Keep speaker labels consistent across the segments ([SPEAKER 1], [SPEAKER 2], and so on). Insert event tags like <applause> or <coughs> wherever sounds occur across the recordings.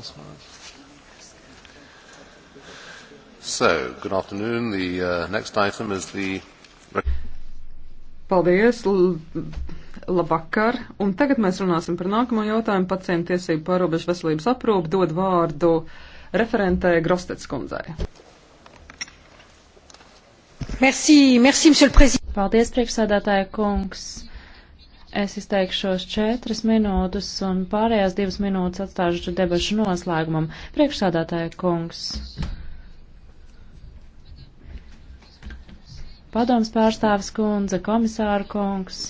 [SPEAKER 1] this one.
[SPEAKER 2] So, good afternoon. The uh, next item is the.
[SPEAKER 3] Paldies, labvakar. Un tagad mēs runāsim par nākamo jautājumu. Pacienta tiesību pārobežu veselības aprūpu dod vārdu referentē Grostets kundzei.
[SPEAKER 1] Merci, merci, monsieur le président. Paldies, priekšsēdētāja kungs. Es izteikšos četras minūtes un pārējās divas minūtes atstāšu debašu noslēgumam. Priekšsādātāja kungs. Padoms pārstāvis kundze, komisāra kungs.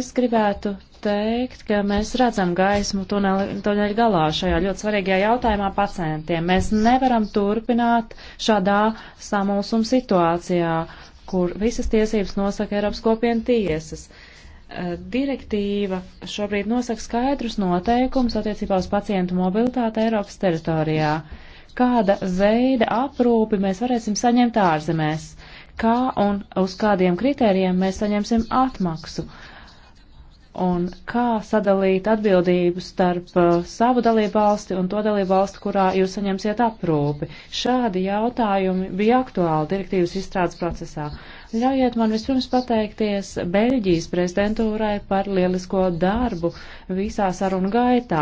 [SPEAKER 1] Es gribētu teikt, ka mēs redzam gaismu tuneļa galā šajā ļoti svarīgajā jautājumā pacientiem. Mēs nevaram turpināt šādā samulsuma situācijā, kur visas tiesības nosaka Eiropas kopienu tiesas. Uh, direktīva šobrīd nosaka skaidrus noteikumus attiecībā uz pacientu mobilitāti Eiropas teritorijā. Kāda veida aprūpi mēs varēsim saņemt ārzemēs? Kā un uz kādiem kritērijiem mēs saņemsim atmaksu? Un kā sadalīt atbildību starp uh, savu dalību valsti un to dalību valsti, kurā jūs saņemsiet aprūpi? Šādi jautājumi bija aktuāli direktīvas izstrādes procesā. Uh, Ļaujiet man vispirms pateikties Beļģijas prezidentūrai par lielisko darbu visā sarunu gaitā.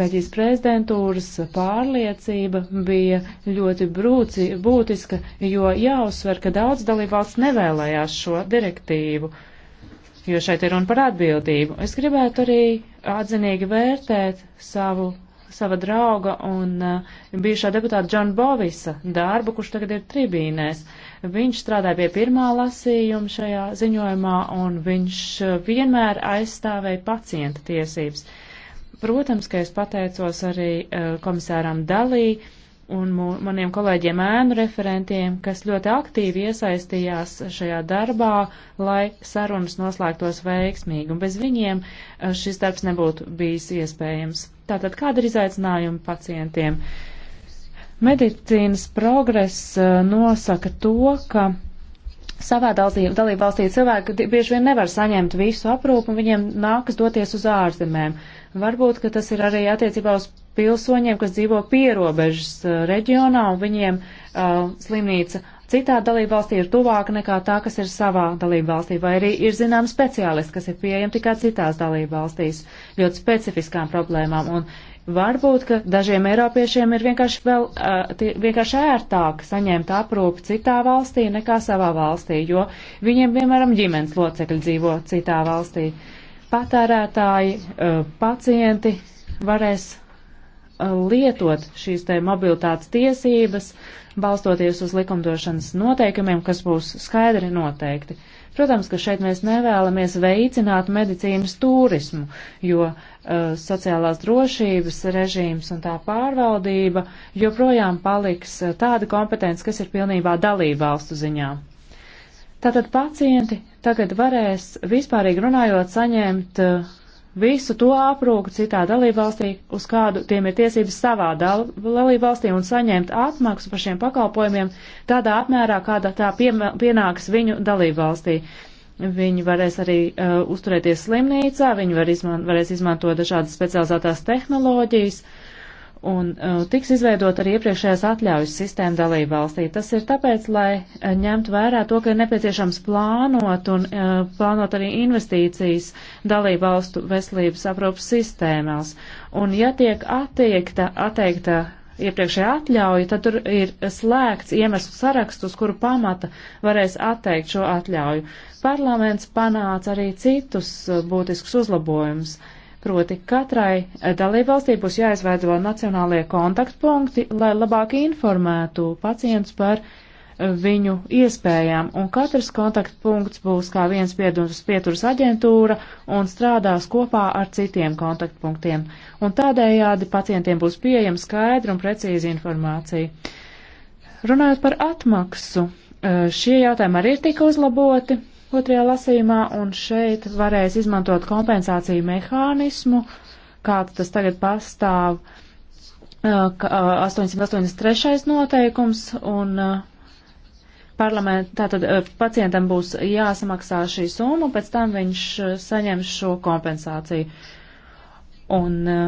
[SPEAKER 1] Beļģijas prezidentūras pārliecība bija ļoti brūci, būtiska, jo jāuzsver, ka daudz dalībvalsts nevēlējās šo direktīvu, jo šeit ir runa par atbildību. Es gribētu arī atzinīgi vērtēt savu, sava drauga un uh, bijušā deputāta Džona Bovisa darbu, kurš tagad ir tribīnēs. Uh, Viņš strādāja pie pirmā lasījuma šajā ziņojumā, un viņš eh, vienmēr aizstāvēja pacienta tiesības. Protams, ka es pateicos arī eh, komisāram Dalī un maniem kolēģiem ēnu referentiem, kas ļoti aktīvi iesaistījās šajā darbā, lai sarunas noslēgtos veiksmīgi, un bez viņiem eh, šis darbs nebūtu bijis iespējams. Tātad, kāda ir izaicinājuma pacientiem? Uh, Medicīnas progress eh, nosaka to, ka savā dalību valstī cilvēki bieži vien nevar saņemt visu aprūpu un viņiem nākas doties uz ārzemēm. Varbūt, ka tas ir arī attiecībā uz pilsoņiem, kas dzīvo pierobežas eh, reģionā un viņiem uh, slimnīca citā dalībvalstī ir tuvāka nekā tā, kas ir savā dalībvalstī, vai arī ir zinām speciālisti, kas ir pieejami tikai citās dalībvalstīs ļoti specifiskām problēmām. Un Varbūt, ka dažiem eiropiešiem ir vienkārši, vēl, uh, tie, vienkārši ērtāk saņemt aprūpi citā valstī nekā savā valstī, jo viņiem, piemēram, ģimenes locekļi dzīvo citā valstī. Patērētāji, uh, pacienti varēs Uh, lietot šīs te mobilitātes tiesības, balstoties uz likumdošanas noteikumiem, kas būs skaidri noteikti. Protams, ka šeit mēs nevēlamies veicināt medicīnas turismu, jo uh, sociālās drošības režīms un tā pārvaldība joprojām paliks uh, tāda kompetence, kas ir pilnībā dalībvalstu ziņā. Tātad pacienti tagad varēs vispārīgi runājot saņemt uh, visu to aprūku citā dalībvalstī, uz kādu tiem ir tiesības savā dalībvalstī un saņemt atmaksu par šiem pakalpojumiem tādā apmērā, kāda tā pienāks viņu dalībvalstī. Viņi varēs arī uh, uzturēties slimnīcā, viņi var izman varēs izmantot dažādas specializētās tehnoloģijas. Uh, Un uh, tiks izveidot arī iepriekšējās atļaujas sistēma dalība valstī. Tas ir tāpēc, lai uh, ņemtu vērā to, ka ir nepieciešams plānot un uh, plānot arī investīcijas dalību valstu veselības aprūpas sistēmās. Un ja tiek attiekta, atteikta iepriekšējā atļauja, tad tur ir slēgts iemeslu saraksts, uz kuru pamata varēs atteikt šo atļauju. Parlaments panāca arī citus uh, būtiskus uzlabojumus. Uh, Proti katrai dalībvalstī būs jāizveido nacionālie kontaktpunkti, lai labāk informētu pacientus par eh, viņu iespējām, un katrs kontaktpunkts būs kā viens pieturas, pieturas aģentūra un strādās kopā ar citiem kontaktpunktiem, un tādējādi pacientiem būs pieejama skaidra un precīza informācija. Runājot par atmaksu, eh, šie jautājumi arī ir tika uzlaboti, otrajā lasījumā, un šeit varēs izmantot kompensāciju mehānismu, kāds tas tagad pastāv, 883. Uh, uh, noteikums, un uh, tātad pacientam būs jāsamaksā šī summa, pēc tam viņš saņems šo kompensāciju. Un uh,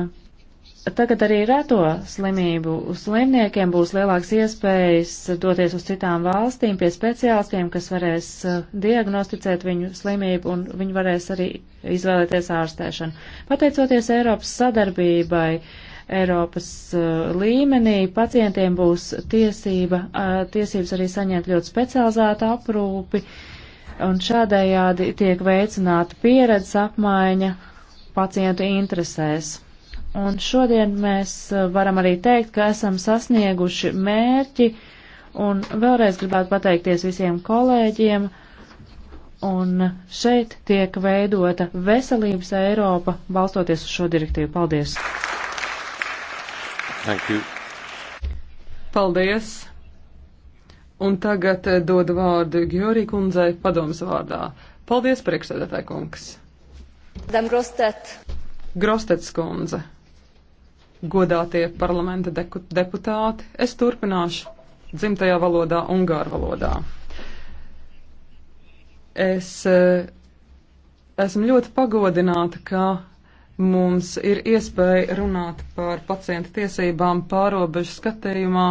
[SPEAKER 1] Tagad arī reto slimību slimniekiem būs lielāks iespējas doties uz citām valstīm pie speciālistiem, kas varēs eh, diagnosticēt viņu slimību un viņi varēs arī izvēlēties ārstēšanu. Pateicoties Eiropas sadarbībai, Eiropas uh, līmenī pacientiem būs tiesība, uh, tiesības arī saņemt ļoti specializētu aprūpi, un šādējādi tiek veicināta pieredzes apmaiņa pacientu interesēs. Un šodien mēs eh, varam arī teikt, ka esam sasnieguši mērķi, un vēlreiz gribētu pateikties visiem kolēģiem, un šeit tiek veidota veselības Eiropa,
[SPEAKER 3] balstoties uz šo direktīvu. Paldies! Paldies! Un tagad eh, dodu vārdu Gjorī kundzei padomas vārdā. Paldies, priekšsēdētāji kungs! Grostets kundze godātie parlamenta deputāti, es turpināšu dzimtajā valodā, ungāru valodā. Es eh, esmu ļoti pagodināta, ka mums ir iespēja runāt par pacienta tiesībām pārobežu skatījumā,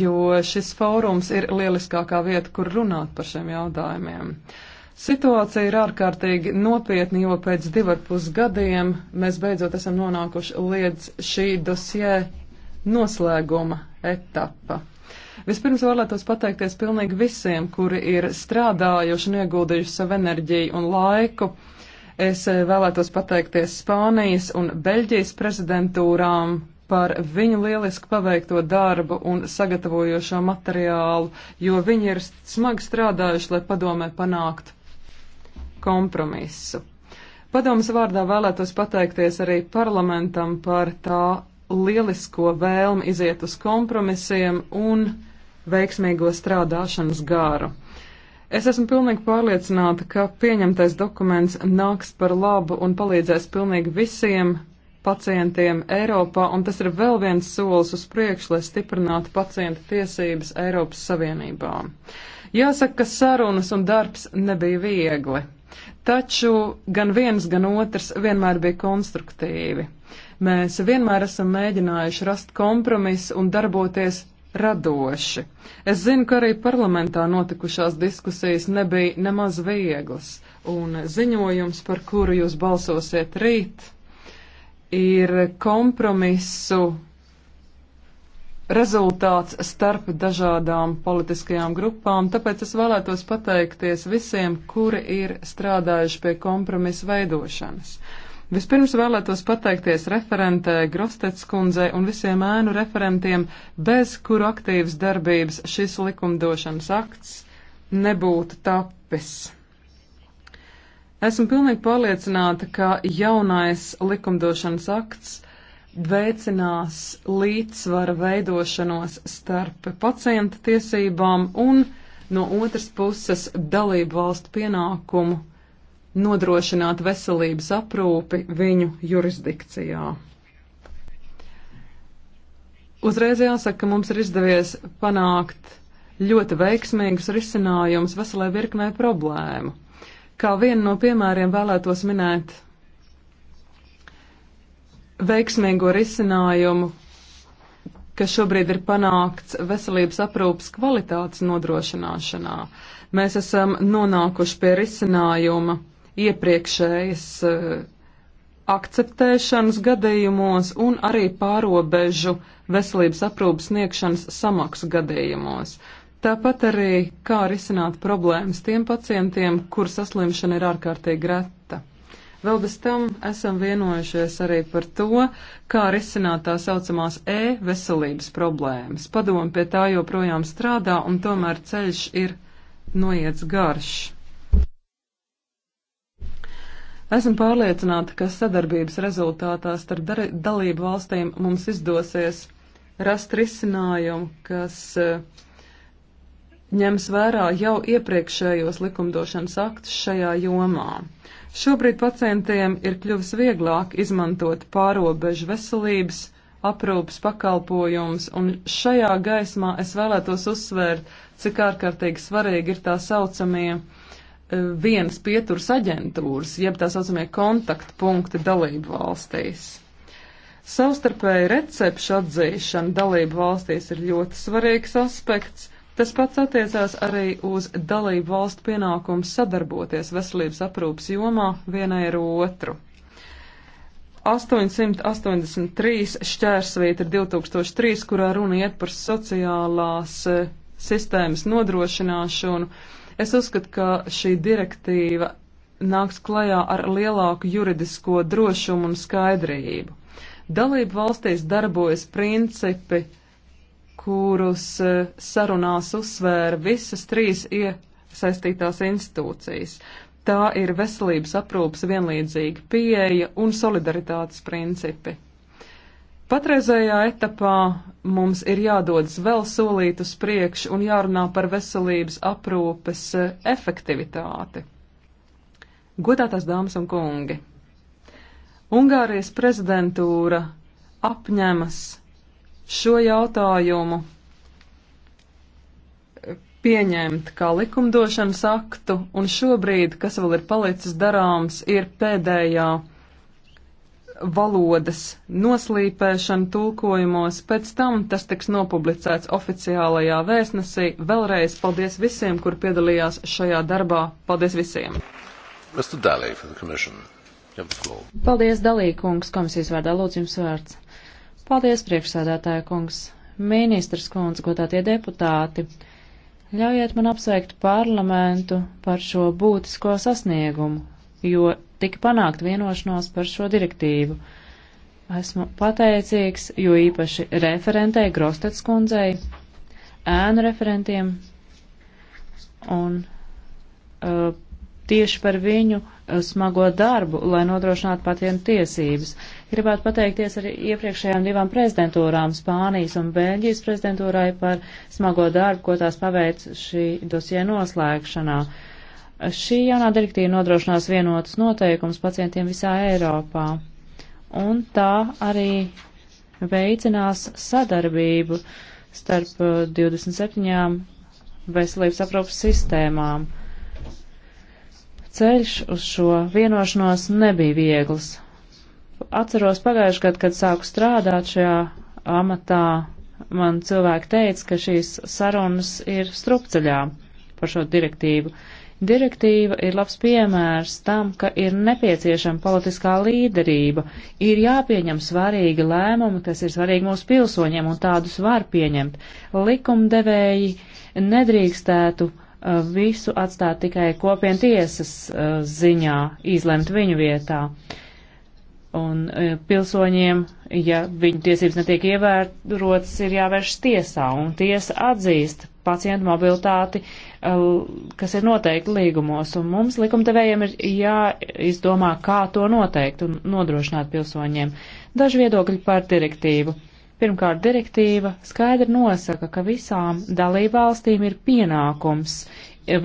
[SPEAKER 3] jo šis fórums ir lieliskākā vieta, kur runāt par šiem jautājumiem. Uh, Situācija ir ārkārtīgi nopietna, jo pēc divarpus gadiem mēs beidzot esam nonākuši līdz šī dosjē noslēguma etapa. Vispirms vēlētos pateikties pilnīgi visiem, kuri ir strādājuši un ieguldījuši savu enerģiju un laiku. Es eh, vēlētos pateikties Spānijas un Beļģijas prezidentūrām, par viņu lieliski paveikto darbu un sagatavojošo materiālu, jo viņi ir smagi strādājuši, lai padomē panāktu kompromisu. Padomas vārdā vēlētos pateikties arī parlamentam par tā lielisko vēlmi iziet uz kompromisiem un veiksmīgo strādāšanas gāru. Es esmu pilnīgi pārliecināta, ka pieņemtais dokuments nāks par labu un palīdzēs pilnīgi visiem pacientiem Eiropā, un tas ir vēl viens solis uz priekšu, lai stiprinātu pacientu tiesības Eiropas Savienībā. Jāsaka, ka sarunas un darbs nebija viegli. Taču gan viens, gan otrs vienmēr bija konstruktīvi. Mēs vienmēr esam mēģinājuši rast kompromisu un darboties radoši. Es zinu, ka arī parlamentā notikušās diskusijas nebija nemaz vieglas, un ziņojums, par kuru jūs balsosiet rīt, ir kompromisu rezultāts starp dažādām politiskajām grupām, tāpēc es vēlētos pateikties visiem, kuri ir strādājuši pie kompromisa veidošanas. Vispirms vēlētos pateikties referentē Grostets kundzei un visiem ēnu referentiem, bez kuru aktīvas darbības šis likumdošanas akts nebūtu tapis. Esmu pilnīgi pārliecināta, ka jaunais likumdošanas akts veicinās līdzsvara veidošanos starp pacienta tiesībām un no otras puses dalību valstu pienākumu nodrošināt veselības aprūpi viņu jurisdikcijā. Uzreiz jāsaka, ka mums ir izdevies panākt ļoti veiksmīgus risinājumus veselē virknē problēmu. Kā vienu no piemēriem vēlētos minēt veiksmīgo risinājumu, kas šobrīd ir panākts veselības aprūpas kvalitātes nodrošināšanā. Mēs esam nonākuši pie risinājuma iepriekšējas uh, akceptēšanas gadījumos un arī pārobežu veselības aprūpas sniegšanas samaksu gadījumos. Tāpat arī kā risināt problēmas tiem pacientiem, kur saslimšana ir ārkārtīgi reta. Vēl bez tam esam vienojušies arī par to, kā risināt tā saucamās e-veselības problēmas. Padomu pie tā joprojām strādā, un tomēr ceļš ir noiets garš. Esmu pārliecināta, ka sadarbības rezultātā starp dalību valstīm mums izdosies rast risinājumu, kas uh, ņems vērā jau iepriekšējos likumdošanas aktus šajā jomā. Šobrīd pacientiem ir kļuvis vieglāk izmantot pārobežu veselības aprūpas pakalpojums, un šajā gaismā es vēlētos uzsvērt, cik ārkārtīgi svarīgi ir tā saucamie eh, vienas pieturas aģentūras, jeb tā saucamie kontaktpunkti dalību valstīs. Savstarpēji recepšu atzīšana dalību valstīs ir ļoti svarīgs aspekts, Tas pats attiecās arī uz dalību valstu pienākumu sadarboties veselības aprūpas jomā vienai ar otru. 883 šķērsvīta ir 2003, kurā runa iet par sociālās e, sistēmas nodrošināšanu. Es uzskatu, ka šī direktīva nāks klajā ar lielāku juridisko drošumu un skaidrību. Dalību valstīs darbojas principi kurus e, sarunās uzsvēra visas trīs iesaistītās institūcijas. Tā ir veselības aprūpas vienlīdzīga pieeja un solidaritātes principi. Patreizējā etapā mums ir jādodas vēl solīt uz priekšu un jārunā par veselības aprūpes e, efektivitāti. Godātās dāmas un kungi! Ungārijas prezidentūra apņemas šo jautājumu pieņemt kā likumdošanas aktu, un šobrīd, kas vēl ir palicis darāms, ir pēdējā valodas noslīpēšana tulkojumos, pēc tam tas tiks nopublicēts oficiālajā vēstnesī. Vēlreiz paldies visiem, kur piedalījās šajā darbā. Paldies visiem! Paldies, Dalīkungs,
[SPEAKER 1] komisijas vārdā lūdzu jums vārds. Paldies, priekšsēdētāja kungs, ministrs kundze, godātie deputāti. Ļaujiet man apsveikt parlamentu par šo būtisko sasniegumu, jo tika panākt vienošanos par šo direktīvu. Esmu pateicīgs, jo īpaši referentei Grostets kundzei, ēnu referentiem un uh, tieši par viņu eh, smago darbu, lai nodrošinātu pacientu tiesības. Gribētu pateikties arī iepriekšējām divām prezidentūrām, Spānijas un Bēļģijas prezidentūrai, par smago darbu, ko tās paveic šī dosie noslēgšanā. Šī jaunā direktīva nodrošinās vienotus noteikumus pacientiem visā Eiropā, un tā arī veicinās sadarbību starp 27 eh, veselības aprūpas sistēmām Ceļš uz šo vienošanos nebija viegls. Atceros pagājušajā gadā, kad sāku strādāt šajā amatā, man cilvēki teica, ka šīs sarunas ir strupceļā par šo direktīvu. Direktīva ir labs piemērs tam, ka ir nepieciešama politiskā līderība, ir jāpieņem svarīgi lēmumi, kas ir svarīgi mūsu pilsoņiem, un tādus var pieņemt. Likumdevēji nedrīkstētu uh, Eh, visu atstāt tikai kopien tiesas eh, ziņā, izlemt viņu vietā. Un eh, pilsoņiem, ja viņu tiesības netiek ievērotas, ir jāvēršas tiesā, un tiesa atzīst pacientu mobilitāti, kas ir noteikti līgumos, un mums likumdevējiem ir jāizdomā, kā to noteikt un nodrošināt pilsoņiem. Daži viedokļi par direktīvu. Pirmkārt, direktīva skaidri nosaka, ka visām dalībvalstīm ir pienākums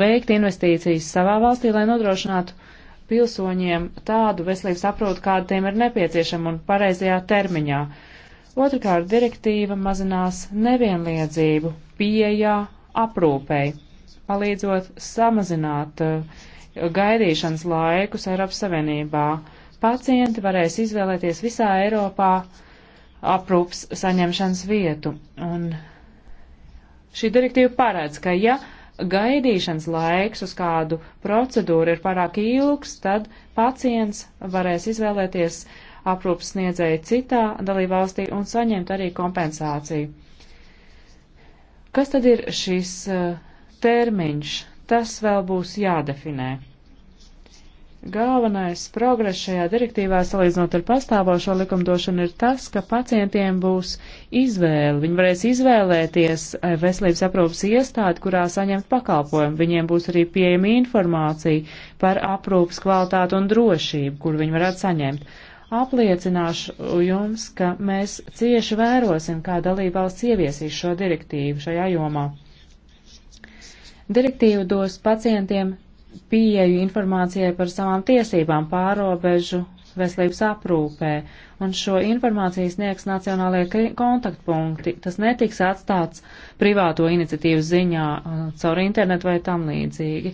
[SPEAKER 1] veikt investīcijas savā valstī, lai nodrošinātu pilsoņiem tādu veselības aprūtu, kāda tiem ir nepieciešama un pareizajā termiņā. Otrakārt, direktīva mazinās nevienliedzību pieejā aprūpei, palīdzot samazināt uh, gaidīšanas laikus Eiropas Savienībā. Pacienti varēs izvēlēties visā Eiropā uh, aprūps saņemšanas vietu. Un šī direktīva paredz, ka ja gaidīšanas laiks uz kādu procedūru ir pārāk ilgs, tad pacients varēs izvēlēties aprūpas sniedzēju citā dalībvalstī un saņemt arī kompensāciju. Kas tad ir šis eh, termiņš? Tas vēl būs jādefinē. Galvenais progress šajā direktīvā salīdzinot ar pastāvošo likumdošanu ir tas, ka pacientiem būs izvēle. Viņi varēs izvēlēties eh, veselības aprūpas iestādi, kurā saņemt pakalpojumu. Viņiem būs arī pieejama informācija par aprūpas kvalitātu un drošību, kur viņi varētu saņemt. Apliecināšu jums, ka mēs cieši vērosim, kā dalībvalsts ieviesīs šo direktīvu šajā jomā. Direktīva dos pacientiem pieeju informācijai par savām tiesībām pārobežu veselības aprūpē, un šo informāciju sniegs nacionālajie kontaktpunkti. Tas netiks atstāts privāto iniciatīvu ziņā uh, caur internetu vai tam līdzīgi.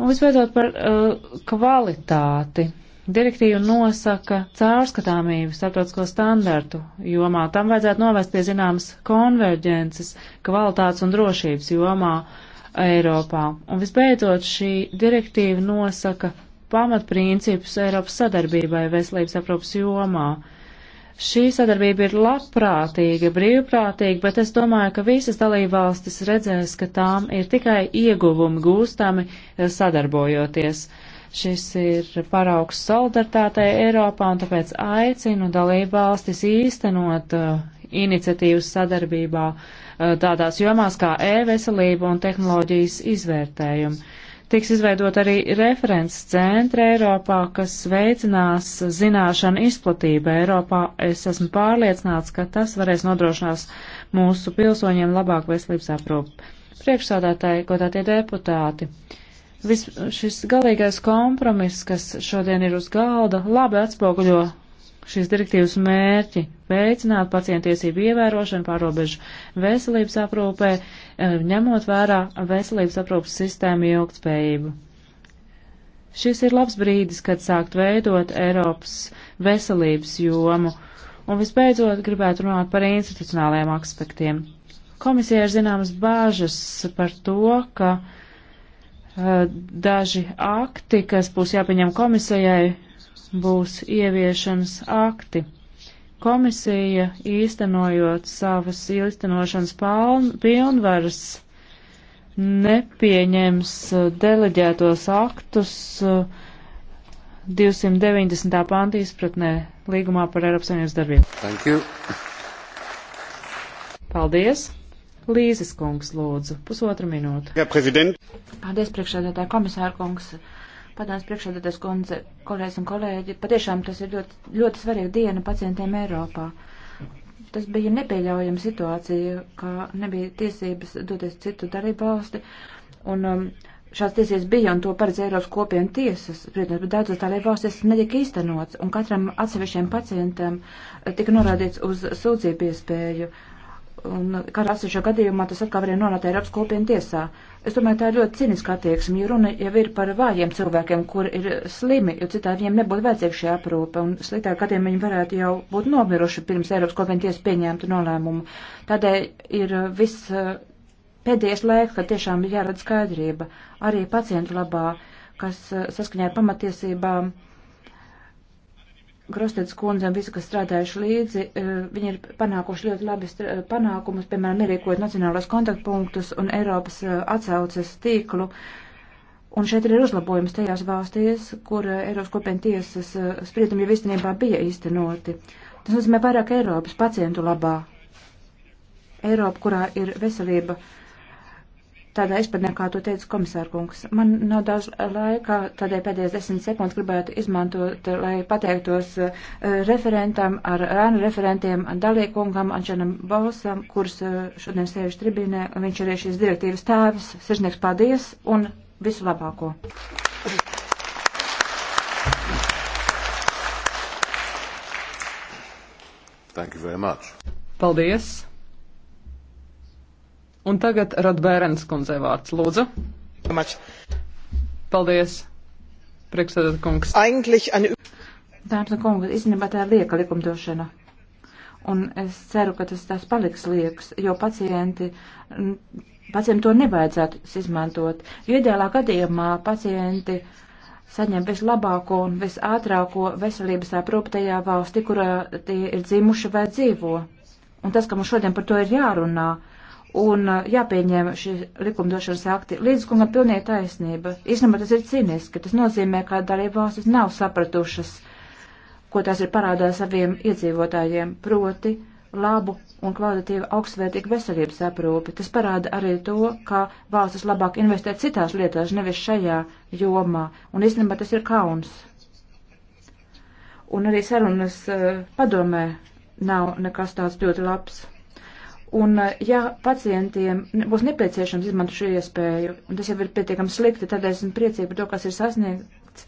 [SPEAKER 1] Un visbeidzot par uh, kvalitāti. Direktīva nosaka caurskatāmību starptautisko standartu jomā. Tam vajadzētu novest pie zināmas konverģences kvalitātes un drošības jomā. Uh, Eiropā. Un visbeidzot, šī direktīva nosaka pamatprincipus Eiropas sadarbībai veselības aprūpas jomā. Šī sadarbība ir labprātīga, brīvprātīga, bet es domāju, ka visas dalībvalstis redzēs, ka tām ir tikai ieguvumi gūstami eh, sadarbojoties. Šis ir paraugs solidaritātei Eiropā, un tāpēc aicinu dalībvalstis īstenot uh, iniciatīvas sadarbībā uh, Eh, tādās jomās kā e-veselība un tehnoloģijas izvērtējumi. Tiks izveidot arī references centra Eiropā, kas veicinās zināšanu izplatību Eiropā. Es esmu pārliecināts, ka tas varēs nodrošinās mūsu pilsoņiem labāku veselības aprūpu. Priekšsādātāji, godātie deputāti! Vis, šis galīgais kompromiss, kas šodien ir uz galda, labi atspoguļo šīs direktīvas mērķi - veicināt pacientiesību ievērošanu pārobežu veselības aprūpē, eh, ņemot vērā veselības aprūpas sistēmu ilgtspējību. Šis ir labs brīdis, kad sākt veidot Eiropas veselības jomu, un visbeidzot gribētu runāt par institucionālajiem aspektiem. Komisija ir zināmas bāžas par to, ka uh, daži akti, kas būs jāpieņem komisijai, būs ieviešanas akti. Komisija, īstenojot savas īstenošanas pilnvaras, nepieņems uh, deleģētos aktus 290. Uh, pānta izpratnē līgumā par Eiropas Savienības
[SPEAKER 3] darbību.
[SPEAKER 1] Paldies! Līzes kungs lūdzu, pusotra minūte.
[SPEAKER 3] Jā, ja, prezident.
[SPEAKER 1] Paldies, priekšsēdētāja
[SPEAKER 4] komisāra kungs. Padoms priekšādātās kundze, kolēģis un kolēģi, patiešām tas ir ļoti, ļoti svarīga diena pacientiem Eiropā. Tas bija nepieļaujama situācija, ka nebija tiesības doties citu darību valsti. Un, um, Šāds tiesies bija un to paredz Eiropas kopienu tiesas, protams, bet daudzas tā valstis netika īstenots, un katram atsevišķiem pacientam eh, tika norādīts uz sūdzību iespēju. Uh, un kā rasišā gadījumā tas atkal varēja nonākt Eiropas kopienu tiesā. Es domāju, tā ir ļoti ciniska attieksme, jo runa jau ir par vājiem cilvēkiem, kur ir slimi, jo citādi viņiem nebūtu vajadzīga šī aprūpe, un sliktāk gadiem viņi varētu jau būt nomiruši pirms Eiropas kopienu tiesa pieņēmtu nolēmumu. Tādēļ ir viss eh, pēdējais laiks, kad tiešām ir jārada skaidrība arī pacientu labā, kas eh, saskaņā pamatiesībām. Uh, Grostets kundzēm, visi, kas strādājuši līdzi, e, viņi ir panākuši ļoti labi e, panākumus, piemēram, nerīkojot nacionālos kontaktpunktus un Eiropas e, atsauces tīklu. Un šeit ir uzlabojums tajās valstīs, kur Eiropas kopienu tiesas spriedumi jau īstenībā bija īstenoti. Tas nozīmē vairāk Eiropas pacientu labā. Eiropa, kurā ir veselība. Uh, tādā izpratnē, kā to teica komisārkungs. Man nav daudz laika, tādēļ pēdējais desmit sekundes gribētu izmantot, lai pateiktos uh, referentam, ar ēnu referentiem, dalīkungam, Ančanam Balsam, kurš uh, eh, šodien sēž tribīnē, un viņš arī šīs direktīvas tēvs. Sirsnieks, paldies un visu labāko!
[SPEAKER 1] Thank you very much.
[SPEAKER 3] Paldies! Un tagad Radbērens kundzei vārds. Lūdzu. Paldies, priekšsēdētāj kungs.
[SPEAKER 4] Dārta kungs, īstenībā tā ir lieka likumdošana. Un es ceru, ka tas tās paliks liekas, jo pacienti, pacienti to nevajadzētu izmantot. Jo ideālā gadījumā pacienti saņem vislabāko un visātrāko veselības aprūpu tajā valstī, kurā tie ir dzimuši vai dzīvo. Un tas, ka mums šodien par to ir jārunā, uh, un uh, jāpieņem šī likumdošanas akti. Līdzkunga pilnīgi taisnība. Īstenībā tas ir cīniski. Tas nozīmē, ka dalībvalstis nav sapratušas, ko tās ir parādā saviem iedzīvotājiem, proti labu un kvalitatīvu augstsvērtīgu veselības aprūpi. Tas parāda arī to, ka valstis labāk investē citās lietās, nevis šajā jomā. Un īstenībā tas ir kauns. Un arī sarunas uh, padomē nav nekas tāds ļoti labs. Un, eh, ja pacientiem būs nepieciešams izmantot šo iespēju, un tas jau ir pietiekami slikti, tad esmu priecīga par to, kas ir sasniegts.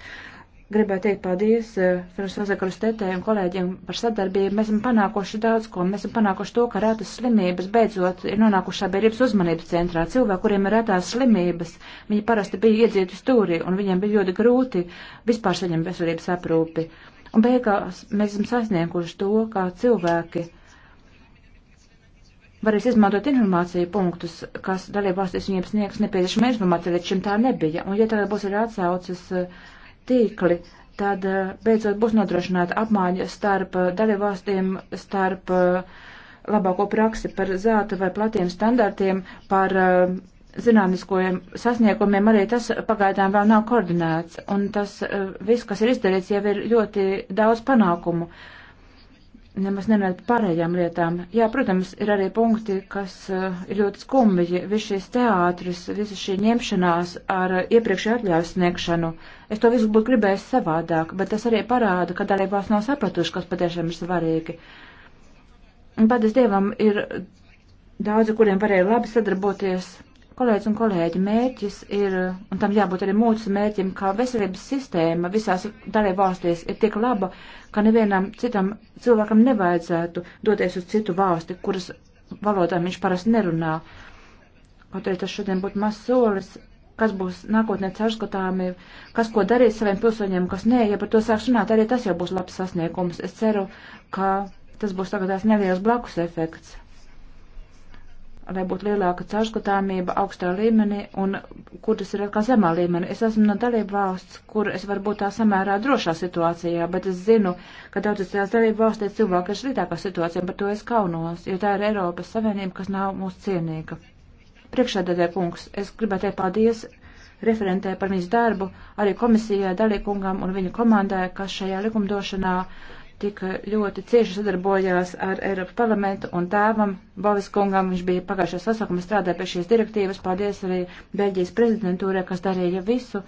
[SPEAKER 4] Gribēju teikt paldies uh, Filosofa Krustētē un kolēģiem par sadarbību. Mēs esam panākuši daudz ko. Mēs esam panākuši to, ka retas slimības beidzot ir nonākušas sabiedrības uzmanības centrā. Cilvēki, kuriem ir retās slimības, viņi parasti bija iedzīti stūri un viņiem bija ļoti grūti vispār saņemt veselības aprūpi. Un beigās mēs esam sasnieguši to, kā cilvēki varēs izmantot informāciju punktus, kas dalībvalstis viņiem sniegs nepieciešama informācija, līdz šim tā nebija. Un ja tagad būs arī atsaucas eh, tīkli, tad eh, beidzot būs nodrošināta apmaiņa starp eh, dalībvalstīm, starp labāko praksi par zelta vai platiem standartiem, par zinātniskajiem sasniegumiem arī tas pagaidām vēl nav koordinēts. Un tas viss, kas ir izdarīts, jau ir ļoti daudz panākumu. Uh, nemaz nerunāt par pārējām lietām. Jā, protams, ir arī punkti, kas uh, ir ļoti skumji. Viss šīs teātris, visa šī ņemšanās ar uh, iepriekšēju atļaujas sniegšanu. Es to visu būtu gribējis savādāk, bet tas arī parāda, ka dalībās nav sapratuši, kas patiešām ir svarīgi. Paldies Dievam, ir daudzi, kuriem varēja labi sadarboties. Kolēģis un kolēģi, mērķis ir, un tam jābūt arī mūsu mērķim, ka veselības sistēma visās dalībvalstīs ir tik laba, uh, ka nevienam citam cilvēkam nevajadzētu doties uz citu valsti, kuras valodā viņš parasti nerunā. Kaut arī tas šodien būtu mazs solis, kas būs nākotnē caurskatāmi, kas ko darīs saviem pilsoņiem, kas nē, ja par to sāks runāt, arī tas jau būs labs sasniegums. Es ceru, ka tas būs tagad tās nelielas blakus efekts lai būtu lielāka caurskatāmība augstā līmenī un kur tas ir atkal zemā līmenī. Es esmu no dalību valsts, kur es varu būt tā samērā drošā situācijā, bet es zinu, ka daudzas tās dalību valstīs cilvēki ir sliktākā situācija, par to es kaunos, jo tā ir Eiropas Savienība, kas nav mūsu cienīga. Priekšādādē kungs, es gribētu teikt paldies referentē par viņas darbu, arī komisijai, dalīkungam un viņa komandai, kas šajā likumdošanā uh, tik ļoti cieši sadarbojās ar Eiropas parlamentu un tēvam Boviskungam. Viņš bija pagājušajā sasaukumā strādāja pie šīs direktīvas. Paldies arī Beļģijas prezidentūrai, kas darīja visu.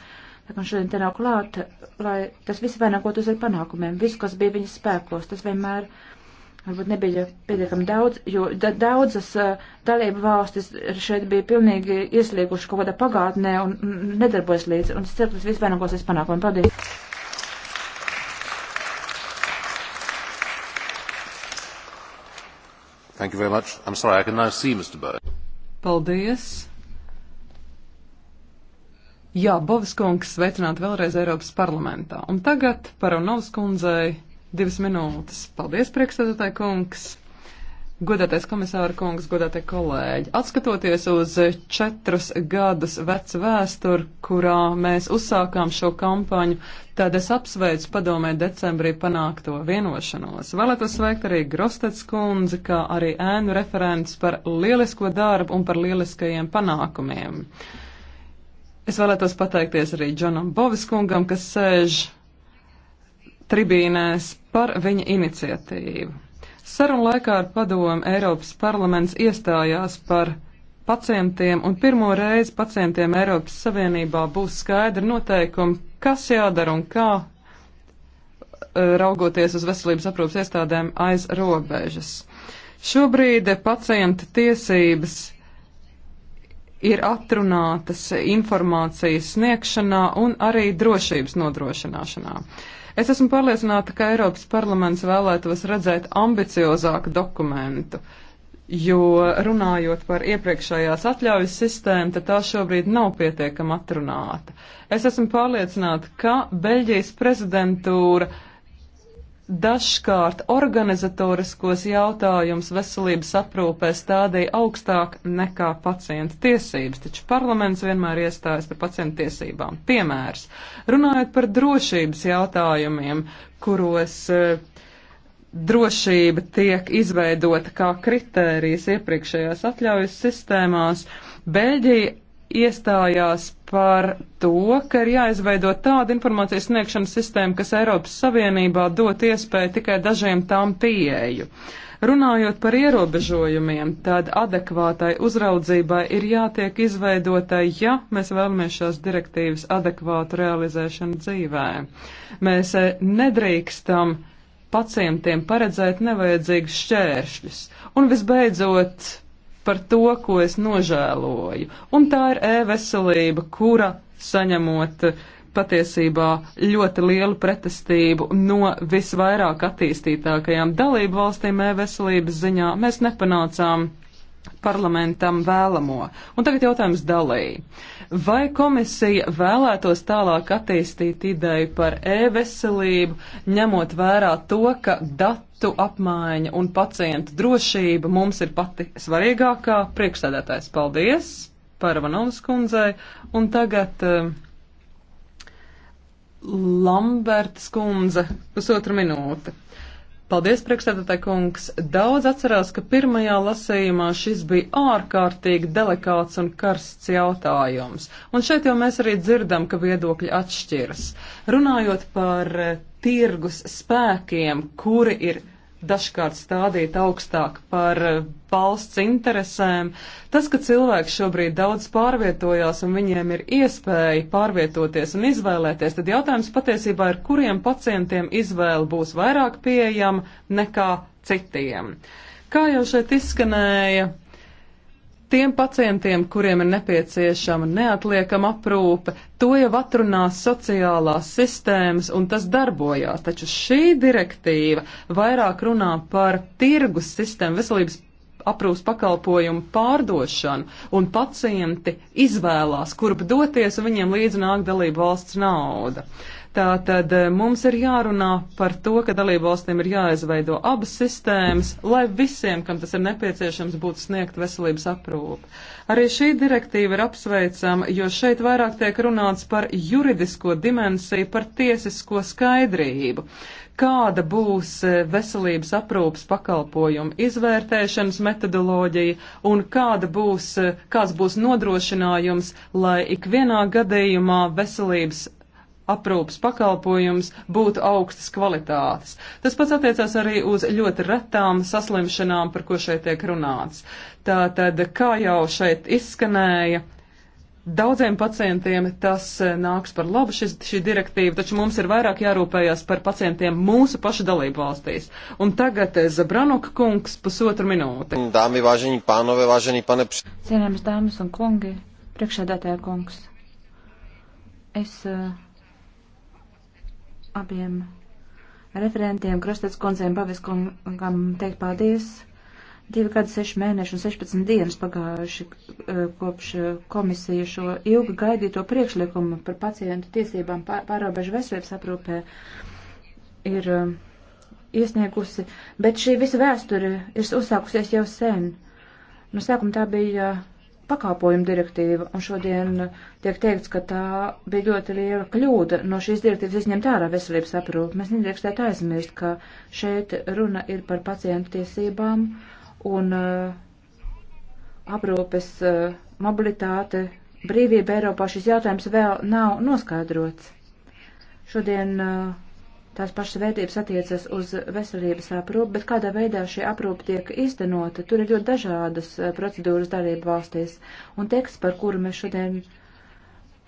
[SPEAKER 4] Tā kā šodien te nav klāt, lai tas viss vainagotos ar panākumiem. Visu, kas bija viņas spēkos, tas vienmēr varbūt nebija pietiekami daudz, jo da daudzas uh, dalība valstis šeit bija pilnīgi ieslieguši kaut kādā pagātnē un nedarbojas līdz. Un es ceru, ka tas viss vainagosies panākumiem. Paldies!
[SPEAKER 2] Thank you very much. I'm sorry, I can now see Mr.
[SPEAKER 3] Byrne. Paldies. Jā, Bovis kungs, sveicināt vēlreiz Eiropas parlamentā. Un tagad par Onovas kundzei divas minūtes. Paldies, priekšstādātāji kungs. Godātais komisāra kungs, godātie kolēģi, atskatoties uz četrus gadus vecu vēsturi, kurā mēs uzsākām šo kampaņu, tad es apsveicu padomē decembrī panākto vienošanos. Vēlētos sveikt arī Grostets kundzi, kā arī ēnu referents par lielisko darbu un par lieliskajiem panākumiem. Es vēlētos pateikties arī Džonam Bovis kungam, kas sēž tribīnēs par viņa iniciatīvu. Sarunu laikā ar padomu Eiropas parlaments iestājās par pacientiem, un pirmo reizi pacientiem Eiropas Savienībā būs skaidri noteikumi, kas jādara un kā eh, raugoties uz veselības aprūpas iestādēm aiz robežas. Šobrīd pacienta tiesības ir atrunātas informācijas sniegšanā un arī drošības nodrošināšanā. Uh, Es esmu pārliecināta, ka Eiropas parlaments vēlētos redzēt ambiciozāku dokumentu, jo runājot par iepriekšējās atļaujas sistēmu, tad tā šobrīd nav pietiekama atrunāta. Es esmu pārliecināta, ka Beļģijas prezidentūra dažkārt organizatoriskos jautājumus veselības aprūpē stādīja augstāk nekā pacienta tiesības, taču parlaments vienmēr iestājas par pacienta tiesībām. Piemērs, runājot par drošības jautājumiem, kuros uh, drošība tiek izveidota kā kritērijas iepriekšējās atļaujas sistēmās, Beļģija iestājās par to, ka ir jāizveido tāda informācijas sniegšanas sistēma, kas Eiropas Savienībā dot iespēju tikai dažiem tām pieeju. Runājot par ierobežojumiem, tad adekvātai uzraudzībai ir jātiek izveidotai, ja mēs vēlamies šās direktīvas adekvātu realizēšanu dzīvē. Mēs eh, nedrīkstam pacientiem paredzēt nevajadzīgus šķēršļus. Un visbeidzot, par to, ko es nožēloju. Un tā ir e-veselība, kura saņemot eh, patiesībā ļoti lielu pretestību no visvairāk attīstītākajām dalību valstīm e-veselības ziņā, mēs nepanācām parlamentam vēlamo. Un tagad jautājums dalī. Vai komisija vēlētos tālāk attīstīt ideju par e-veselību, ņemot vērā to, ka dati datu apmaiņa un pacienta drošība mums ir pati svarīgākā. Priekšsēdētājs paldies par Vanovas kundzei. Un tagad uh, eh, Lamberta skundze, pusotra minūte. Paldies, priekšstādātāji kungs. Daudz atcerās, ka pirmajā lasījumā šis bija ārkārtīgi delikāts un karsts jautājums. Un šeit jau mēs arī dzirdam, ka viedokļi atšķiras. Runājot par eh, tirgus spēkiem, kuri ir dažkārt stādīt augstāk par eh, valsts interesēm. Tas, ka cilvēki šobrīd daudz pārvietojās un viņiem ir iespēja pārvietoties un izvēlēties, tad jautājums patiesībā ir, kuriem pacientiem izvēle būs vairāk pieejama nekā citiem. Kā jau šeit izskanēja, Tiem pacientiem, kuriem ir nepieciešama neatliekama aprūpe, to jau atrunās sociālās sistēmas, un tas darbojās. Taču šī direktīva vairāk runā par tirgus sistēmu veselības aprūpas pakalpojumu pārdošanu, un pacienti izvēlās, kurp doties, un viņiem līdzi nāk dalību valsts nauda. Uh, Tātad eh, mums ir jārunā par to, ka dalībvalstīm ir jāizveido abas sistēmas, lai visiem, kam tas ir nepieciešams, būtu sniegt veselības aprūpe. Arī šī direktīva ir apsveicama, jo šeit vairāk tiek runāts par juridisko dimensiju, par tiesisko skaidrību kāda būs eh, veselības aprūpas pakalpojumu izvērtēšanas metodoloģija un kāda būs, eh, kāds būs nodrošinājums, lai ikvienā gadījumā veselības aprūpas pakalpojums būtu augstas kvalitātes. Tas pats attiecās arī uz ļoti retām saslimšanām, par ko šeit tiek runāts. Tātad, kā jau šeit izskanēja, Daudziem pacientiem tas e, nāks par labu šis, šī direktīva, taču mums ir vairāk jārūpējās par pacientiem mūsu pašu dalību valstīs. Un tagad e, Zabranuka kungs pusotru minūti. Dāmi, vāžiņi, pānove, vāžiņi, pane.
[SPEAKER 4] Cienējams dāmas un kungi, priekšēdētāja kungs. Es uh, abiem referentiem, Krustets kundzēm, Paviskungam teikt paldies. Divi gadi, seši mēneši un 16 dienas pagājuši eh, kopš eh, komisija šo ilgi gaidīto priekšlikumu par pacientu tiesībām pārobežu veselības aprūpē ir eh, iesniegusi, bet šī visa vēsture ir uzsākusies jau sen. No sākuma tā bija pakāpojumu direktīva, un šodien tiek teikts, ka tā bija ļoti liela kļūda no šīs direktīvas izņemt ārā veselības aprūpi. Mēs nedrīkstētu aizmirst, ka šeit runa ir par pacientu tiesībām un uh, aprūpes uh, mobilitāte, brīvība Eiropā. Šis jautājums vēl nav noskaidrots. Šodien uh, tās pašas vērtības attiecas uz veselības aprūpu, bet kādā veidā šī aprūpa tiek īstenota, tur ir ļoti dažādas eh, procedūras darība valstīs. Un teksts, par kuru mēs šodien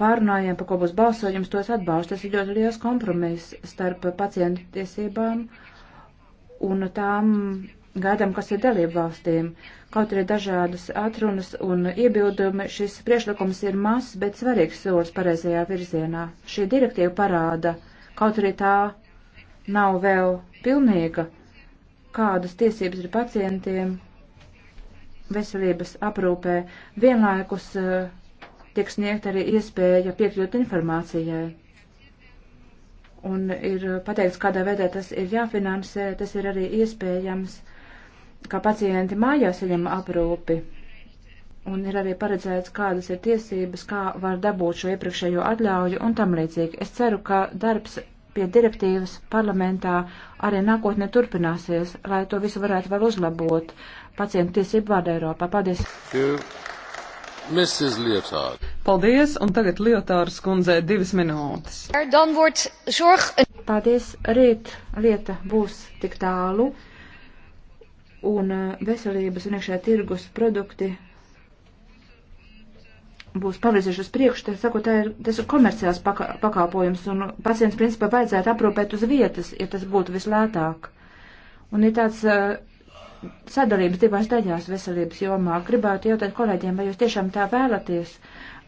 [SPEAKER 4] pārunājam, par ko būs balsojums, tos atbalsta. Tas ir ļoti liels kompromiss starp pacientu tiesībām un tām gaidām, kas ir dalību valstīm. Kaut arī dažādas atrunas un iebildumi, šis priešlikums ir mazs, bet svarīgs solis pareizajā virzienā. Šī direktīva parāda, kaut arī tā nav vēl pilnīga, kādas tiesības ir pacientiem veselības aprūpē, vienlaikus eh, tiek sniegt arī iespēja piekļūt informācijai. Un ir pateikts, kādā veidā tas ir jāfinansē, tas ir arī iespējams, kā pacienti mājās saņem aprūpi. Un ir arī paredzēts, kādas ir tiesības, kā var dabūt šo iepriekšējo atļauju un tam līdzīgi. Es ceru, ka darbs pie direktīvas parlamentā arī nākotnē turpināsies, lai to visu varētu vēl uzlabot pacientu tiesību vārdā Eiropā. Paldies!
[SPEAKER 3] Paldies, un tagad Liotāras kundzei divas minūtes.
[SPEAKER 4] Paldies, rīt lieta būs tik tālu, un eh, veselības un iekšē tirgus produkti būs pavirzījuši uz priekšu, tad saku, tā ir, tas ir komerciāls pakā, pakāpojums, un pacients principā vajadzētu aprūpēt uz vietas, ja tas būtu vislētāk. Un ir tāds uh, sadalības divās daļās veselības jomā. Gribētu jautāt kolēģiem, vai jūs tiešām tā vēlaties,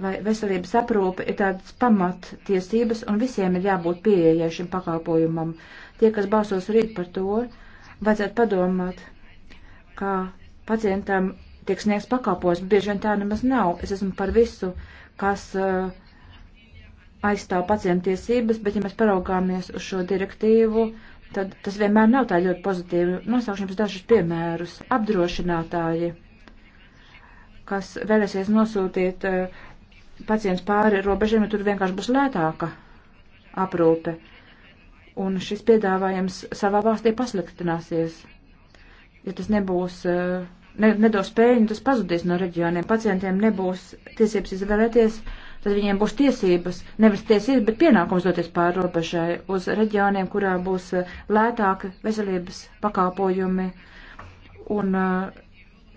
[SPEAKER 4] vai veselības aprūpe ir tādas pamattiesības, un visiem ir jābūt pieejai šim pakāpojumam. Tie, kas balsos rīt par to, vajadzētu padomāt, kā pacientam tiek sniegts pakāpojums, bet bieži vien tā nemaz nav. Es esmu par visu, kas uh, aizstāv pacientu tiesības, bet ja mēs paraugāmies uz šo direktīvu, tad tas vienmēr nav tā ļoti pozitīvi. Nosaukšu jums dažus piemērus. Apdrošinātāji, kas vēlēsies nosūtīt uh, pacients pāri robežiem, jo tur vienkārši būs lētāka aprūpe. Un šis piedāvājums savā valstī pasliktināsies, ja tas nebūs uh, ne, nedos pēļņu, tas pazudīs no reģioniem. Pacientiem nebūs tiesības izvēlēties, tad viņiem būs tiesības, nevis tiesības, bet pienākums doties pāri robežai uz reģioniem, kurā būs eh, lētāki veselības pakāpojumi. Un eh,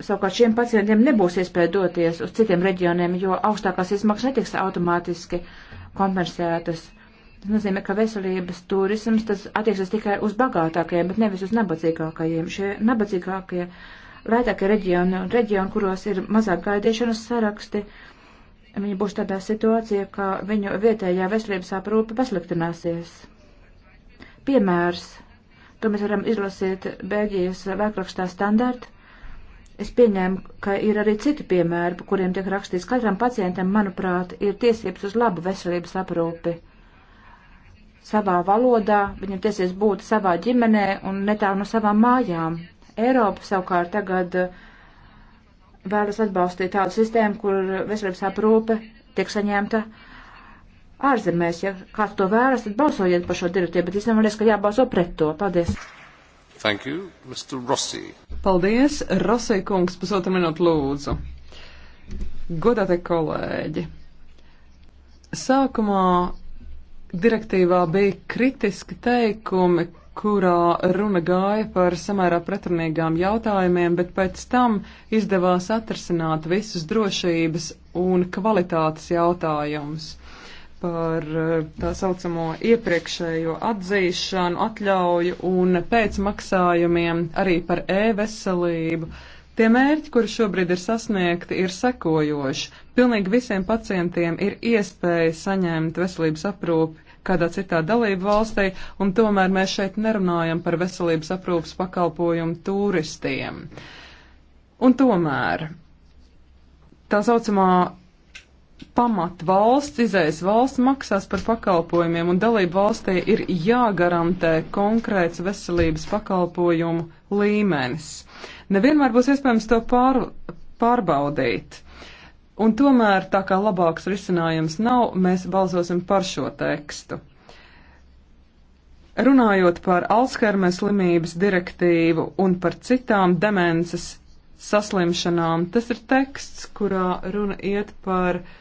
[SPEAKER 4] savukārt šiem pacientiem nebūs iespēja doties uz citiem reģioniem, jo augstākās izmaksas netiks automātiski kompensētas. Tas nozīmē, ka veselības turisms tas attieksies tikai uz bagātākajiem, bet nevis uz nabadzīgākajiem. Šie nabadzīgākie uh, raitākie reģioni, reģioni, kuros ir mazāk gaidīšanas saraksti, viņi būs tādā situācijā, ka viņu vietējā veselības aprūpe pasliktināsies. Piemērs, to mēs varam izlasīt Bēļģijas vēkrakstā standārtu. Es pieņēmu, ka ir arī citi piemēri, par kuriem tiek rakstīts. Katram pacientam, manuprāt, ir tiesības uz labu veselības aprūpi savā valodā, viņam tiesies būt savā ģimenē un netālu no savām mājām. Eiropa savukārt tagad eh, vēlas atbalstīt tādu sistēmu, kur veselības aprūpe tiek saņemta ārzemēs. Ja kāds to vēlas, tad balsojiet par šo direktīvu, bet es nemanīju, ka jābalso pret to. Paldies!
[SPEAKER 3] Thank
[SPEAKER 2] you, Mr. Rossi.
[SPEAKER 3] Paldies, Rossi kungs, pusotru minūtu lūdzu. Godātie kolēģi! Sākumā direktīvā bija kritiski teikumi, kurā runa gāja par samērā pretrunīgām jautājumiem, bet pēc tam izdevās atrasināt visus drošības un kvalitātes jautājumus par eh, tā saucamo iepriekšējo atzīšanu, atļauju un pēcmaksājumiem, arī par e-veselību. Tie mērķi, kuri šobrīd ir sasniegti, ir sekojoši. Pilnīgi visiem pacientiem ir iespēja saņemt veselības aprūpi kādā citā dalību valstī, un tomēr mēs šeit nerunājam par veselības aprūpas pakalpojumu turistiem. Un tomēr tā saucamā pamat valsts, izējas valsts maksās par pakalpojumiem, un dalību valstī ir jāgarantē konkrēts veselības pakalpojumu līmenis. Nevienmēr būs iespējams to pār, pārbaudīt. Un tomēr, tā kā labāks risinājums nav, mēs balsosim par šo tekstu. Runājot par Alzheimer slimības direktīvu un par citām demences saslimšanām, tas ir teksts, kurā runa iet par uh,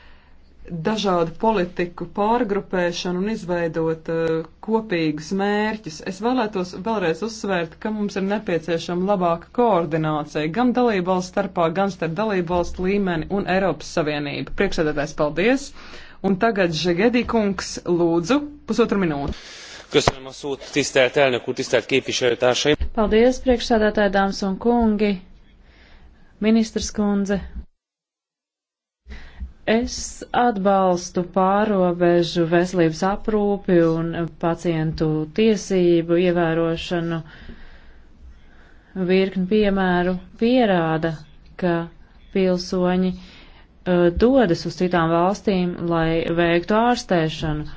[SPEAKER 3] dažādu politiku pārgrupēšanu un izveidot uh, kopīgus mērķus. Es vēlētos vēlreiz uzsvērt, ka mums ir nepieciešama labāka koordinācija gan dalībvalsts starpā, gan starp dalībvalsts līmeni un Eiropas Savienību. Priekšsēdētājs, paldies! Un tagad Žegedī kungs lūdzu pusotru minūtu. Köszönöm a szót, tisztelt elnök úr, tisztelt képviselőtársaim!
[SPEAKER 1] Paldies, priekšsēdētāji, dāmas un kungi, ministrs kundze, Es atbalstu pārobežu veselības aprūpi un pacientu tiesību ievērošanu. Virkni piemēru pierāda, ka pilsoņi uh, dodas uz citām valstīm, lai veiktu ārstēšanu.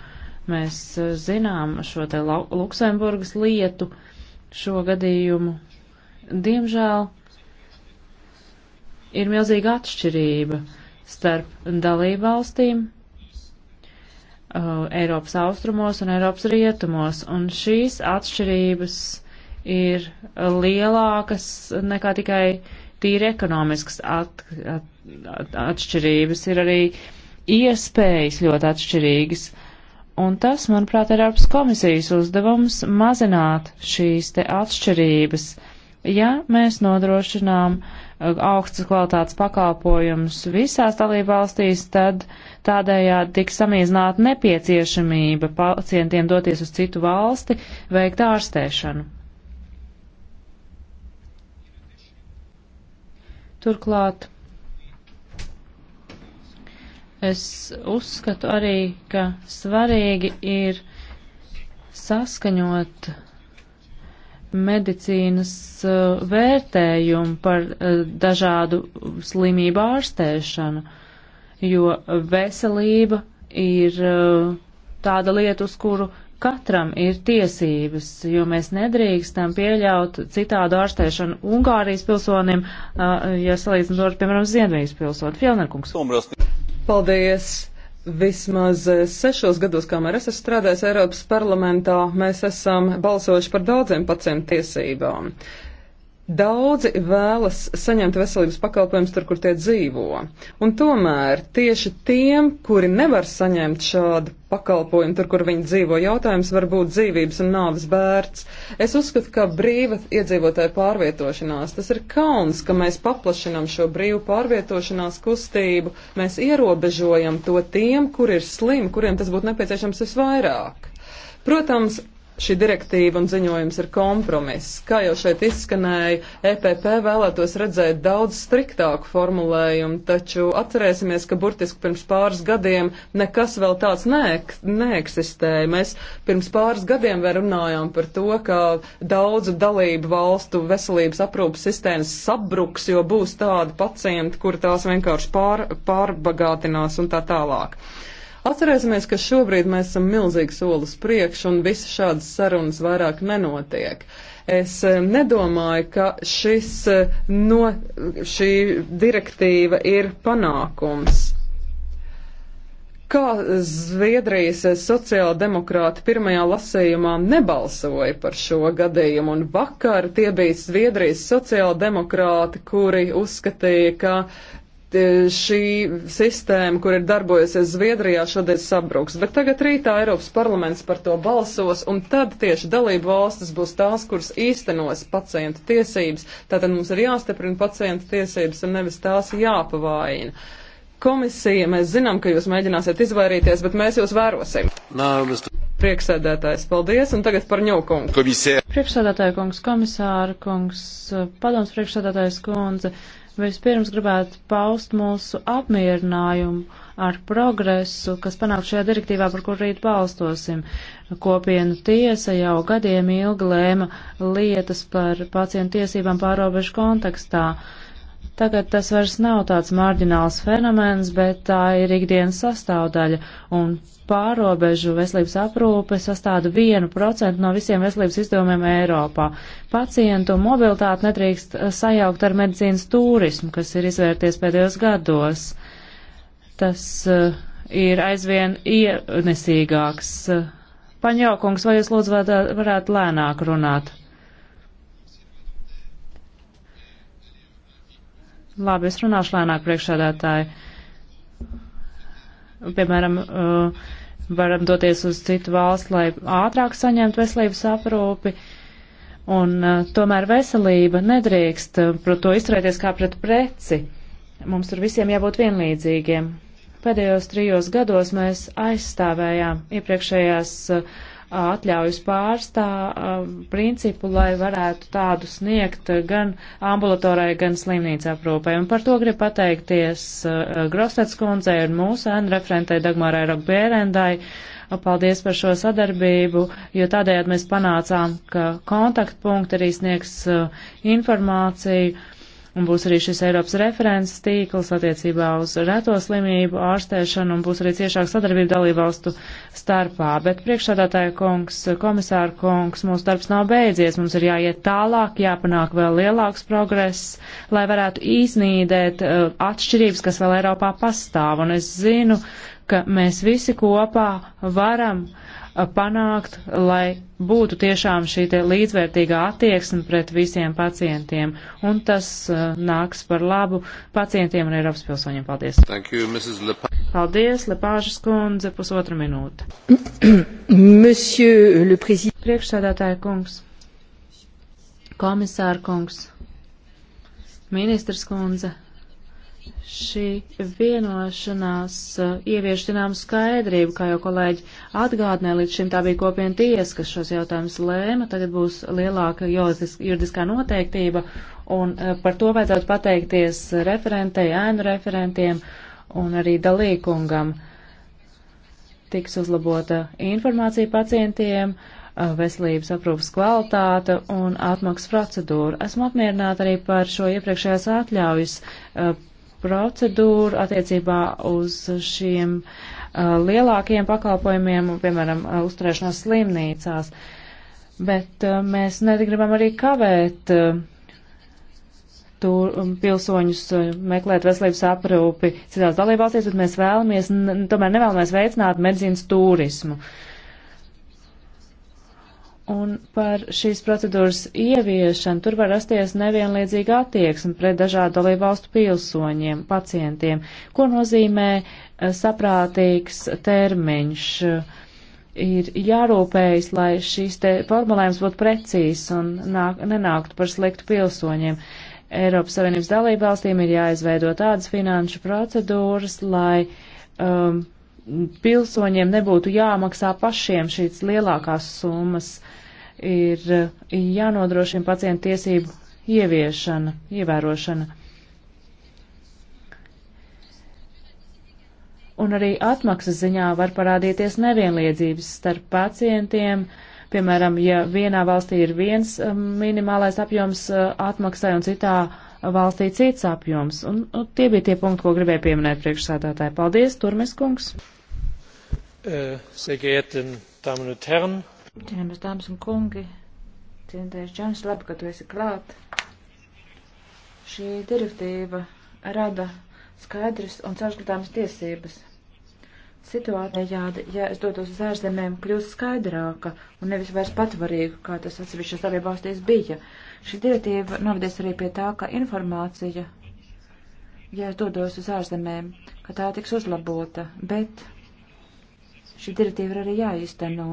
[SPEAKER 1] Mēs uh, zinām šo te Luksemburgas lietu, šo gadījumu. Diemžēl ir milzīga atšķirība. Uh, starp dalībvalstīm uh, Eiropas austrumos un Eiropas rietumos, un šīs atšķirības ir lielākas nekā tikai tīri ekonomiskas at, at, at, atšķirības, ir arī iespējas ļoti atšķirīgas. Un tas, manuprāt, ir Eiropas komisijas uzdevums mazināt šīs te atšķirības, ja mēs nodrošinām uh, augstas kvalitātes pakalpojumus visās dalībvalstīs, tad tādējādi tiks samīzināta nepieciešamība pacientiem doties uz citu valsti veikt ārstēšanu. Turklāt es uzskatu arī, ka svarīgi ir saskaņot medicīnas eh, vērtējumu par eh, dažādu slimību ārstēšanu, jo veselība ir eh, tāda lieta, uz kuru katram ir tiesības, jo mēs nedrīkstam pieļaut citādu ārstēšanu Ungārijas pilsonim, ja salīdzinot ar, piemēram, Ziedvijas pilsoni.
[SPEAKER 3] Fjellnerkungs. Paldies! Vismaz eh, sešos gados, kamēr es esmu strādājis Eiropas parlamentā, mēs esam balsojuši par daudziem pacientu tiesībām. Daudzi vēlas saņemt veselības pakalpojumus tur, kur tie dzīvo. Un tomēr tieši tiem, kuri nevar saņemt šādu pakalpojumu tur, kur viņi dzīvo, jautājums var būt dzīvības un nāves bērts. Es uzskatu, ka brīva iedzīvotāja pārvietošanās, tas ir kauns, ka mēs paplašinam šo brīvu pārvietošanās kustību, mēs ierobežojam to tiem, kur ir slim, kuriem tas būtu nepieciešams visvairāk. Protams, šī direktīva un ziņojums ir kompromiss. Kā jau šeit izskanēja, EPP vēlētos redzēt daudz striktāku formulējumu, taču atcerēsimies, ka burtiski pirms pāris gadiem nekas vēl tāds neek neeksistēja. Mēs pirms pāris gadiem vēl runājām par to, ka daudzu dalību valstu veselības aprūpas sistēmas sabruks, jo būs tādi pacienti, kur tās vienkārši pār, pārbagātinās un tā tālāk. Uh, Atcerēsimies, ka šobrīd mēs esam milzīgi solis priekš un visas šādas sarunas vairāk nenotiek. Es eh, nedomāju, ka šis, eh, no, šī direktīva ir panākums. Kā Zviedrijas sociāldemokrāti pirmajā lasējumā nebalsoja par šo gadījumu, un vakar tie bija Zviedrijas sociāldemokrāti, kuri uzskatīja, ka E, šī sistēma, kur ir darbojusies Zviedrijā, šodien sabruks. Bet tagad rītā Eiropas parlaments par to balsos, un tad tieši dalību valstis būs tās, kuras īstenos pacientu tiesības. Tātad mums ir jāstiprina pacientu tiesības un nevis tās jāpavaina. Komisija, mēs zinām, ka jūs mēģināsiet izvairīties, bet mēs jūs vērosim. Nā, mēs... Prieksēdētājs, paldies, un tagad par ņūkungu. Priekšsēdētāja kungs, komisāra
[SPEAKER 1] kungs, padoms priekšsēdētājs kundze. Vispirms gribētu paust mūsu apmierinājumu ar progresu, kas panāk šajā direktīvā, par kur rīt balstosim. Kopienu tiesa jau gadiem ilgi lēma lietas par pacientu tiesībām pārobežu kontekstā. Uh, Tagad tas vairs nav tāds marģināls fenomens, bet tā ir ikdienas sastāvdaļa, un pārobežu veselības aprūpe sastāda 1% no visiem veselības izdevumiem Eiropā. Pacientu mobilitāti nedrīkst sajaukt ar medicīnas turismu, kas ir izvērties pēdējos gados. Tas uh, ir aizvien ienesīgāks. Eh, Paņaukungs, vai jūs lūdzu varētu lēnāk runāt? Labi, es runāšu lēnāk priekšādātāji. Piemēram, uh, varam doties uz citu valstu, lai ātrāk saņemtu veselības aprūpi. Un uh, tomēr veselība nedrīkst uh, pret to izturēties kā pret preci. Mums tur visiem jābūt vienlīdzīgiem. Pēdējos trijos gados mēs aizstāvējām iepriekšējās uh, atļaujas pārstā principu, lai varētu tādu sniegt gan ambulatorai, gan slimnīca aprūpai. Un par to grib pateikties Grostets kundzei un mūsu ēnu referentei Dagmārai Rogbērendai. Paldies par šo sadarbību, jo tādējādi mēs panācām, ka kontaktpunkti arī sniegs informāciju un būs arī šis Eiropas references tīkls attiecībā uz reto slimību ārstēšanu un būs arī ciešāka sadarbība dalībvalstu starpā. Bet priekšsādātāja kungs, komisāra kungs, mūsu darbs nav beidzies, mums ir jāiet tālāk, jāpanāk vēl lielāks progress, lai varētu iznīdēt uh, atšķirības, kas vēl Eiropā pastāv. Un es zinu, ka mēs visi kopā varam uh, panākt, lai būtu tiešām šī līdzvērtīgā attieksme pret visiem pacientiem, un tas uh, nāks par labu pacientiem un Eiropas pilsoņiem. Paldies! Thank you, Lepa Paldies, Lepāžas kundze, pusotra minūte. <coughs> Priekšsēdētāja kungs, komisāra kungs, ministrs kundze, šī vienošanās eh, ievieš zinām skaidrību, kā jau kolēģi atgādināja, līdz šim tā bija kopiena tiesa, kas šos jautājumus lēma, tagad būs lielāka juridiskā noteiktība, un eh, par to vajadzētu pateikties referentei, ēnu referentiem un arī dalīkungam. Tiks uzlabota informācija pacientiem, eh, veselības aprūpas kvalitāte un atmaksas procedūra. Esmu apmierināta arī par šo iepriekšējās atļaujas procedūru attiecībā uz šiem uh, lielākiem pakalpojumiem, piemēram, uh, uzturēšanās slimnīcās. Bet uh, mēs negribam arī kavēt uh, tur um, pilsoņus uh, meklēt veselības aprūpi citās dalībvalstīs, bet mēs vēlamies, tomēr nevēlamies veicināt medzīnas turismu. Uh, Un par šīs procedūras ieviešanu tur var rasties nevienlīdzīga attieksme pret dažādu dalību valstu pilsoņiem, pacientiem, ko nozīmē eh, saprātīgs termiņš. Ir jārūpējas, lai šīs te formulējums būtu precīzs un nāk, nenāktu par sliktu pilsoņiem. Eiropas Savienības dalību valstīm ir jāizveido tādas finanšu procedūras, lai. Um, pilsoņiem nebūtu jāmaksā pašiem šīs lielākās summas ir eh, jānodrošina pacientu tiesību ieviešana, ievērošana. Un arī atmaksas ziņā var parādīties nevienlīdzības starp pacientiem. Piemēram, ja vienā valstī ir viens eh, minimālais apjoms eh, atmaksai un citā valstī cits apjoms. Un, un tie bija tie punkti, ko gribēju pieminēt priekšsādātāji. Paldies, Turmes kungs!
[SPEAKER 2] Uh, sehr geehrten Damen und Herren!
[SPEAKER 4] Cienījamas dāmas un kungi, cienītais Džons, labi, ka tu esi klāt. Šī direktīva rada skaidrs un caurskatāmas tiesības. Situācija jāda, ja es dotos uz ārzemēm, kļūst skaidrāka un nevis vairs patvarīga, kā tas atsevišķas dalībvalstīs bija. Šī direktīva novedīs arī pie tā, ka informācija, ja es dodos uz ārzemēm, ka tā tiks uzlabota, bet šī direktīva ir arī jāizteno.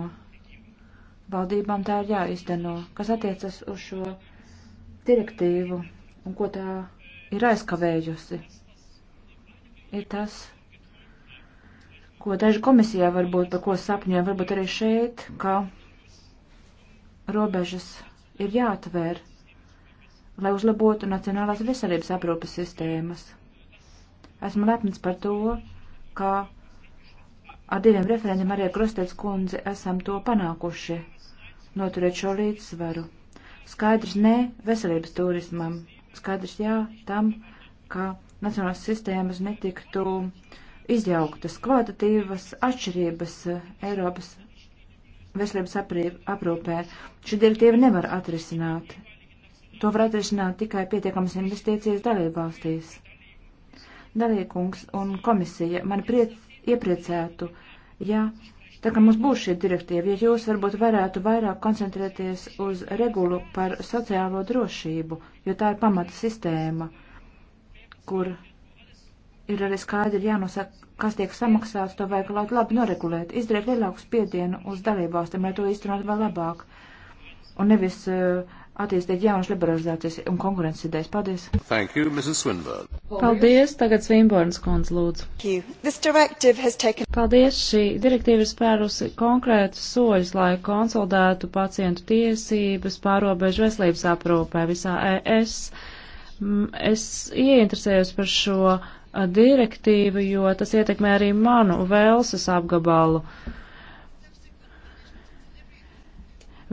[SPEAKER 4] Valdībām tā ir jāizdeno, kas attiecas uz šo direktīvu un ko tā ir aizkavējusi. Ir tas, ko daži komisijā varbūt par ko sapņoja, varbūt arī šeit, ka robežas ir jāatvēr, lai uzlabotu nacionālās veselības aprūpas sistēmas. Esmu lepns par to, ka ar diviem referendiem arī Krustēts kundze esam to panākuši noturēt šo līdzsvaru. Skaidrs nē veselības turismam, skaidrs jā tam, ka nacionālās sistēmas netiktu izjauktas kvalitatīvas atšķirības eh, Eiropas veselības aprūpē. Šī direktīva nevar atrisināt. To var atrisināt tikai pietiekamas investīcijas dalībvalstīs. Dalīkungs un komisija man priec, iepriecētu, ja Tā kā mums būs šī direktīva, ja jūs varbūt varētu vairāk koncentrēties uz regulu par sociālo drošību, jo tā ir pamata sistēma, kur ir arī skaidri jānosaka, kas tiek samaksāts, to vajag labi, labi noregulēt, izdarīt lielāku spiedienu uz dalībvalstīm, lai to īstenot vēl labāk. Un nevis uh, attīstīt jaunas
[SPEAKER 1] liberalizācijas un konkurences idejas. Paldies!
[SPEAKER 3] Thank you, Mrs. Swinburne.
[SPEAKER 1] Paldies! Tagad Svinborns kundze lūdzu. Taken... Paldies! Šī direktīva ir spērusi konkrētus soļus, lai konsolidētu pacientu tiesības pārobežu veselības aprūpē visā ES. Mm, es ieinteresējos par šo direktīvu, jo tas ietekmē arī manu Velsas apgabalu. Uh,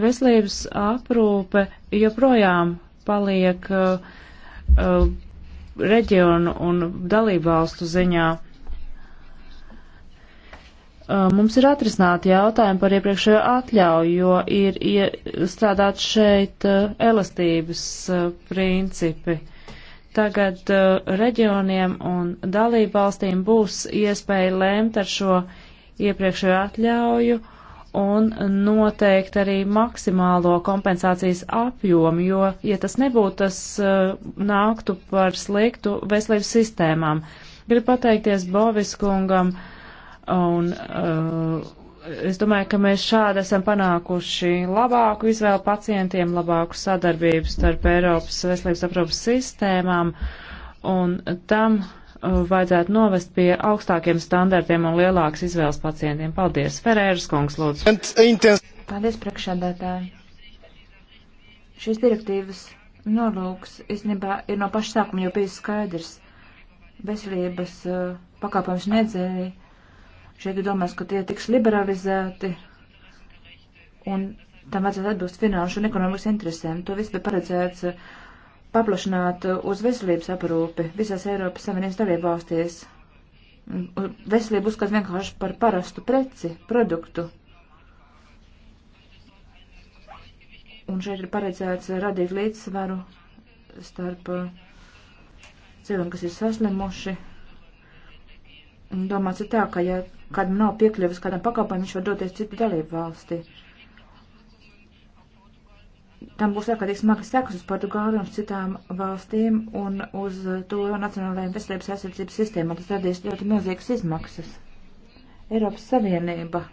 [SPEAKER 1] Veselības aprūpe joprojām paliek uh, uh, reģionu un dalībvalstu ziņā. Uh, mums ir atrisināti jautājumi par iepriekšējo atļauju, jo ir iestrādāt šeit uh, elastības uh, principi. Tagad uh, reģioniem un dalībvalstīm būs iespēja lēmt ar šo iepriekšējo atļauju un noteikt arī maksimālo kompensācijas apjomu, jo, ja tas nebūtu, tas uh, nāktu par sliktu veselības sistēmām. Gribu pateikties Boviskungam un uh, es domāju, ka mēs šādi esam panākuši labāku izvēlu pacientiem, labāku sadarbību starp Eiropas veselības aprūpas sistēmām, un tam Uh, vajadzētu novest pie augstākiem standartiem un lielākas izvēles pacientiem. Paldies, Ferēras kungs, lūdzu.
[SPEAKER 4] Paldies, priekšādātāji. Šīs direktīvas nolūks, īstenībā, ir no paša sākuma jau bijis skaidrs. Veselības uh, pakāpojums nedzēja. Šeit ir domās, ka tie tiks liberalizēti un tam vajadzētu atbilst finanšu un ekonomikas interesēm. To viss bija paredzēts. Uh, paplašināt uz veselības aprūpi visās Eiropas Savienības dalībvalstīs. Veselību uzskat vienkārši par parastu preci, produktu. Un šeit ir paredzēts radīt līdzsvaru starp uh, cilvēkiem, kas ir saslimuši. Domāts ir tā, ka ja kādam nav piekļuvis kādam pakalpojumam, viņš var doties citu dalību valsti. Uh, tam būs ārkārtīgi smagas sekas uz Portugāli un uz citām valstīm un uz to nacionālajiem veselības aizsardzības sistēmām. Tas radīs ļoti milzīgas izmaksas. Eiropas Savienība,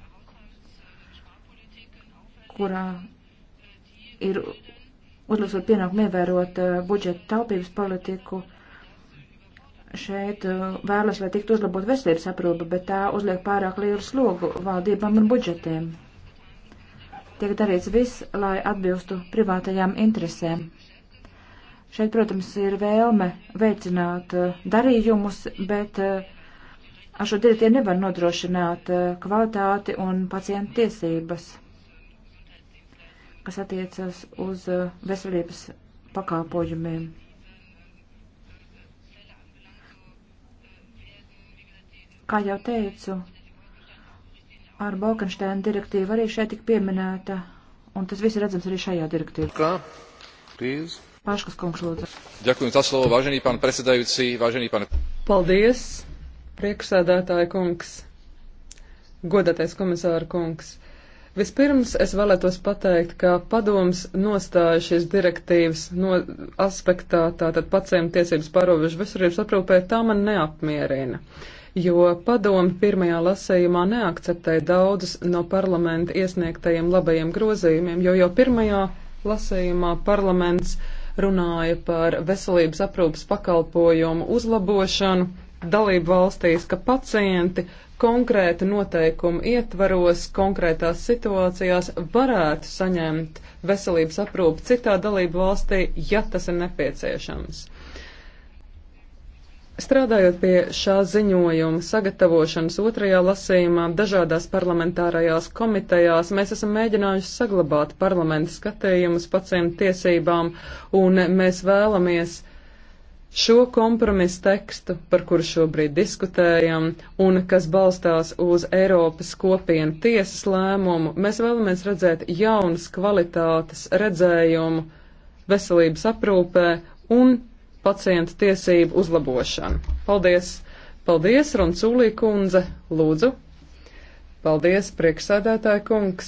[SPEAKER 4] kurā ir uzlūsot pienākumu ievērot eh, budžeta taupības politiku, šeit eh, vēlas, lai tiktu uzlabot veselības aprūpa, bet tā uzliek pārāk lielu slogu valdībām un budžetiem tiek darīts viss, lai atbilstu privātajām interesēm. Šeit, protams, ir vēlme veicināt eh, darījumus, bet eh, ar šo direktīvu nevar nodrošināt eh, kvalitāti un pacientu tiesības, kas attiecas uz veselības pakāpojumiem. Kā jau teicu, ar Balkanštēnu direktīvu arī šeit tik pieminēta, un tas viss ir redzams arī šajā direktīvā. Kā?
[SPEAKER 5] Prīz.
[SPEAKER 3] Paškas kungs lūdzu.
[SPEAKER 5] Ďakujem za slovo, vážený pán predsedajúci, vážený pán.
[SPEAKER 3] Paldies, priekšsēdētāja kungs, godatais komisāra kungs. Vispirms es vēlētos pateikt, ka padoms nostāja šīs direktīvas no aspektā, tātad pacientu tiesības pārobežu veselības aprūpē, tā man neapmierina. Uh, jo padomi pirmajā lasējumā neakceptēja daudzus no parlamenta iesniegtajiem labajiem grozījumiem, jo jau pirmajā lasējumā parlaments runāja par veselības aprūpas pakalpojumu uzlabošanu dalību valstīs, ka pacienti konkrēta noteikuma ietvaros, konkrētās situācijās varētu saņemt veselības aprūpu citā dalību valstī, ja tas ir nepieciešams. Strādājot pie šā ziņojuma sagatavošanas otrajā lasījumā dažādās parlamentārajās komitejās, mēs esam mēģinājuši saglabāt parlamenta skatījumus pacientu tiesībām, un mēs vēlamies šo kompromisu tekstu, par kuru šobrīd diskutējam, un kas balstās uz Eiropas kopienu tiesas lēmumu, mēs vēlamies redzēt jaunas kvalitātes redzējumu veselības aprūpē un pacienta tiesību uzlabošanu. Paldies! Paldies, Roncūlī kundze! Lūdzu! Paldies, prieksēdētāja kungs!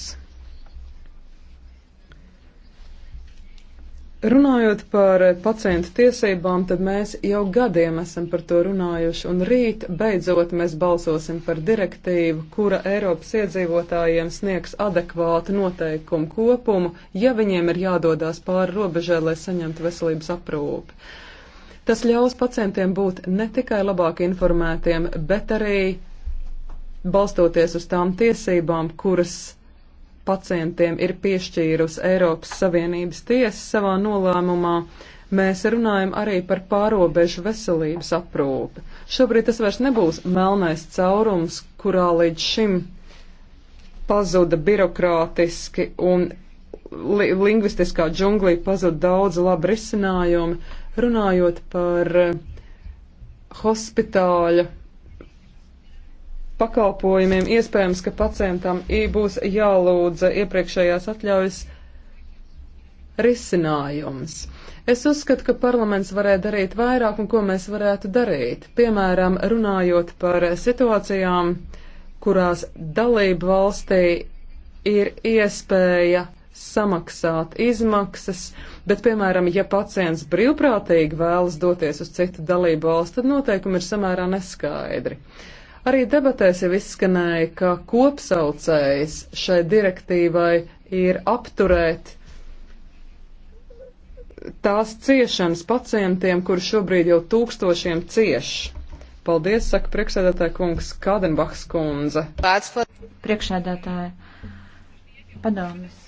[SPEAKER 3] Runājot par pacientu tiesībām, tad mēs jau gadiem esam par to runājuši, un rīt beidzot mēs balsosim par direktīvu, kura Eiropas iedzīvotājiem sniegs adekvātu noteikumu kopumu, ja viņiem ir jādodās pāri robežai, lai saņemtu veselības aprūpi. Tas ļaus pacientiem būt ne tikai labāk informētiem, bet arī balstoties uz tām tiesībām, kuras pacientiem ir piešķīrusi Eiropas Savienības tiesa savā nolēmumā, mēs runājam arī par pārobežu veselības aprūpi. Šobrīd tas vairs nebūs melnais caurums, kurā līdz šim pazuda birokrātiski un li lingvistiskā džunglī pazuda daudz labi risinājumi. Runājot par eh, hospitāļa pakalpojumiem, iespējams, ka pacientam būs jālūdz iepriekšējās atļaujas risinājums. Es uzskatu, ka parlaments varēja darīt vairāk un ko mēs varētu darīt. Piemēram, runājot par situācijām, kurās dalību valstī ir iespēja samaksāt izmaksas, bet, piemēram, ja pacients brīvprātīgi vēlas doties uz citu dalību valstu, tad noteikumi ir samērā neskaidri. Arī debatēs jau izskanēja, ka kopsaucējs šai direktīvai ir apturēt tās ciešanas pacientiem, kur šobrīd jau tūkstošiem cieš. Paldies, saka priekšsēdētāja kungs Kādenbachs kundze.
[SPEAKER 4] Priekšsēdētāja padomis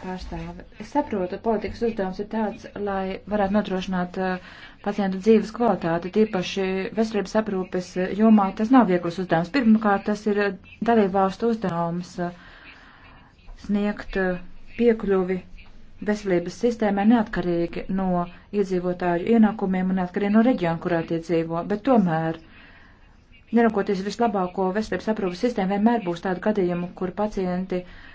[SPEAKER 4] pārstāvi. Es saprotu, politikas uzdevums ir tāds, lai varētu nodrošināt uh, pacientu dzīves kvalitāti, tīpaši veselības aprūpes uh, jomā. Tas nav viegls uzdevums. Pirmkārt, tas ir uh, dalībvalstu uzdevums sniegt piekļuvi veselības sistēmai neatkarīgi no iedzīvotāju ienākumiem un neatkarīgi no reģiona, kurā tie dzīvo. Bet tomēr. Neraugoties vislabāko veselības aprūpas sistēmu, vienmēr būs tādi gadījumi, kur pacienti uh,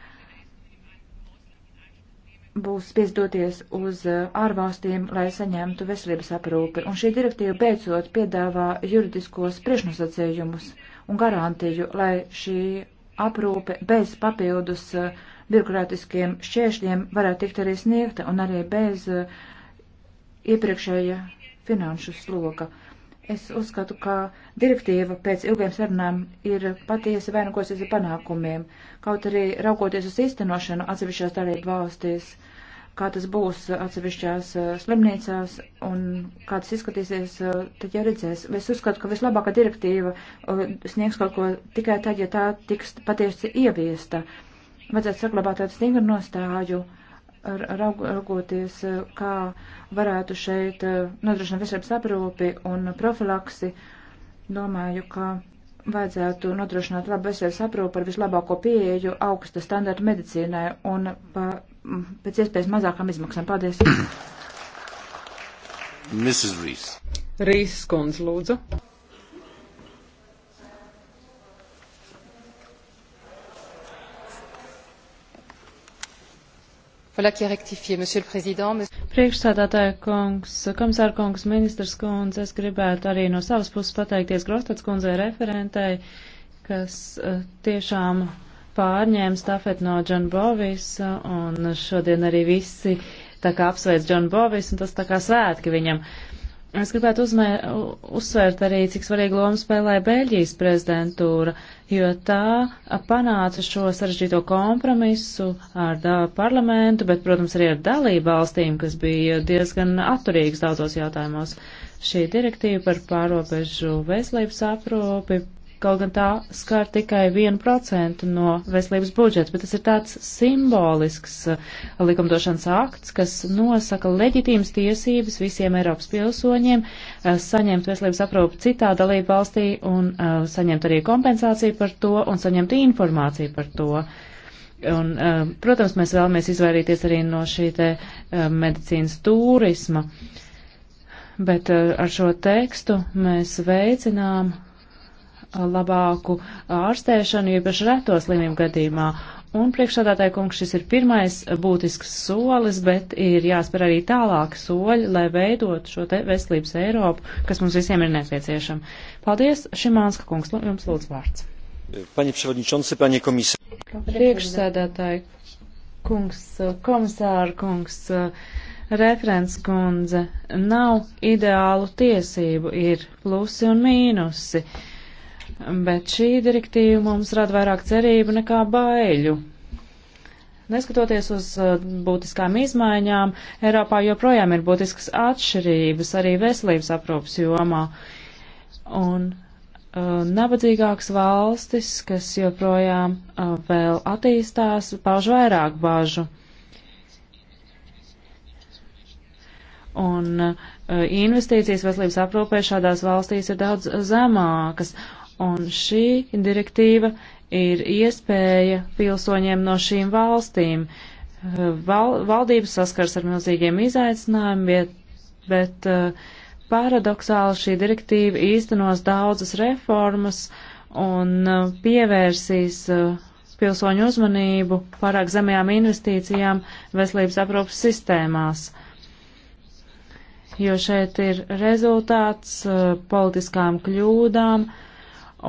[SPEAKER 4] būs spiest doties uz eh, ārvalstīm, lai saņemtu veselības aprūpi. Un šī direktīva beidzot piedāvā juridiskos priešnosacījumus un garantiju, lai šī aprūpe bez papildus eh, birokrātiskiem šķēršļiem varētu tikt arī sniegta un arī bez eh, iepriekšēja finanšu sloga. Es uzskatu, ka direktīva pēc ilgiem sarunām ir patiesi vainagosies ar panākumiem, kaut arī raugoties uz īstenošanu atsevišķās dalību valstīs, kā tas būs atsevišķās uh, slimnīcās un kā tas izskatīsies, uh, tad jau redzēs. Es uzskatu, ka vislabākā direktīva uh, sniegs kaut ko tikai tad, ja tā tiks patiesi ieviesta. Vajadzētu saglabāt tādu stingru nostāju. Uh, raugoties, eh, kā varētu šeit eh, nodrošināt veselības aprūpi un profilaksi, domāju, ka vajadzētu nodrošināt labu veselības aprūpu ar vislabāko pieeju augsta standarta medicīnai un pa, pēc iespējas mazākām izmaksām. Paldies!
[SPEAKER 2] Mrs. Rīs.
[SPEAKER 3] Rīs skundz, lūdzu. Priekšsādātāja
[SPEAKER 1] kungs, komisāra kungs, ministrs kundze, es gribētu arī no savas puses pateikties Grostats kundzei referentei, kas uh, tiešām pārņēma stafeti no Džona Bovisa, eh, un šodien arī visi tā kā apsveic Džona Bovis, un tas tā kā svētki viņam. Uh, Es gribētu uzmēr, uzsvērt arī, cik svarīgu lomu spēlēja Beļģijas prezidentūra, jo tā panāca šo sarežģīto kompromisu ar parlamentu, bet, protams, arī ar dalību valstīm, kas bija diezgan atturīgas daudzos jautājumos. Šī direktīva par pārobežu veselības aprūpi Kaut gan tā skar tikai 1% no veselības budžeta, bet tas ir tāds simbolisks uh, likumdošanas akts, kas nosaka leģitīmas tiesības visiem Eiropas pilsoņiem uh, saņemt veselības aprūpu citā dalība valstī un uh, saņemt arī kompensāciju par to un saņemt informāciju par to. Un, protams, mēs vēlamies izvairīties arī no šī te medicīnas turisma, bet ar šo tekstu mēs veicinām labāku ārstēšanu, īpaši reto slimību gadījumā. Un priekšsādātāja kungs, šis ir pirmais būtisks solis, bet ir jāspēr arī tālāk soļi, lai veidot šo te veselības Eiropu, kas mums visiem ir nepieciešama. Paldies, Šimānska kungs, jums lūdzu vārds.
[SPEAKER 3] Paņi Pševodničonsi, paņi komisāri.
[SPEAKER 1] Priekšsēdētāji kungs, komisāra kungs, referents kundze, nav ideālu tiesību, ir plusi un mīnusi. Uh, bet šī direktīva mums rada vairāk cerību nekā baiļu. Neskatoties uz uh, būtiskām izmaiņām, Eiropā joprojām ir būtiskas atšķirības arī veselības aprūpas jomā. Un uh, nabadzīgākas valstis, kas joprojām uh, vēl attīstās, pauž vairāk bāžu. Un uh, investīcijas veselības aprūpē šādās valstīs ir daudz uh, zemākas, Un šī direktīva ir iespēja pilsoņiem no šīm valstīm. Val, valdības saskars ar milzīgiem izaicinājumiem, bet, bet uh, paradoxāli šī direktīva īstenos daudzas reformas un eh, pievērsīs eh, pilsoņu uzmanību pārāk zemajām investīcijām veselības aprūpas sistēmās. Jo šeit ir rezultāts politiskām kļūdām, uh,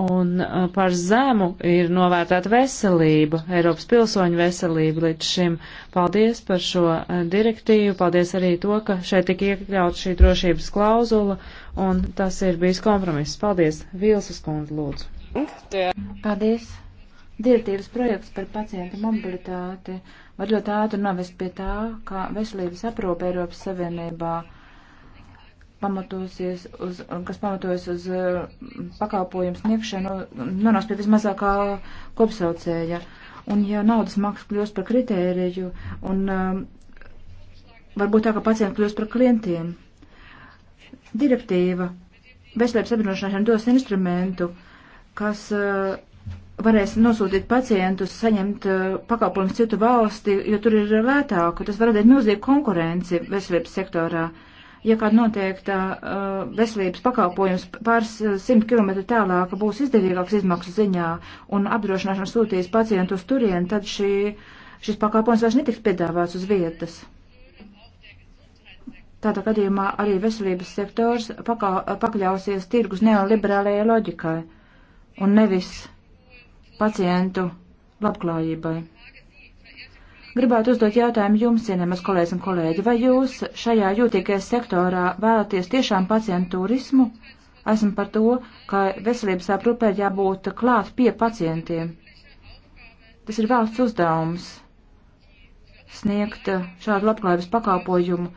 [SPEAKER 1] un uh, par zemu ir novērtēta veselība, Eiropas pilsoņu veselība līdz šim. Paldies par šo uh, direktīvu, paldies arī to, ka šeit tika iekļaut šī drošības klauzula, un tas ir bijis kompromiss. Paldies, Vīlsas kundze, lūdzu.
[SPEAKER 4] Paldies. Direktīvas projekts par pacientu mobilitāti var ļoti ātri novest pie tā, ka veselības aprūpe Eiropas Savienībā pamatosies uz, kas pamatojas uz mm, pakalpojumu sniegšanu, nonāks pie vismazākā kopsaucēja. Un ja naudas maksa kļūst par kritēriju, un um, varbūt tā, ka pacienti kļūst par klientiem. Direktīva veselības apdrošināšana dos instrumentu, kas uh, varēs nosūtīt pacientus, saņemt uh, pakalpojumus citu valsti, jo tur ir lētāk. Tas var radīt milzīgu konkurenci veselības sektorā. Uh, ja kāda noteikta uh, veselības pakalpojums pāris uh, simt kilometru tālāk būs izdevīgāks izmaksu ziņā un apdrošināšana sūtīs pacientu uz turien, tad šī, šis pakalpojums vairs netiks piedāvāts uz vietas. Tādā gadījumā arī veselības sektors pakā, uh, pakļausies tirgus neoliberālajai loģikai un nevis pacientu labklājībai. Gribētu uzdot jautājumu jums, cienējamas kolēģis un kolēģi, vai jūs šajā jūtīgajā sektorā vēlaties tiešām pacientu turismu? Esmu par to, ka veselības aprūpē jābūt klāt pie pacientiem. Tas ir valsts uzdevums sniegt šādu labklājības pakalpojumu,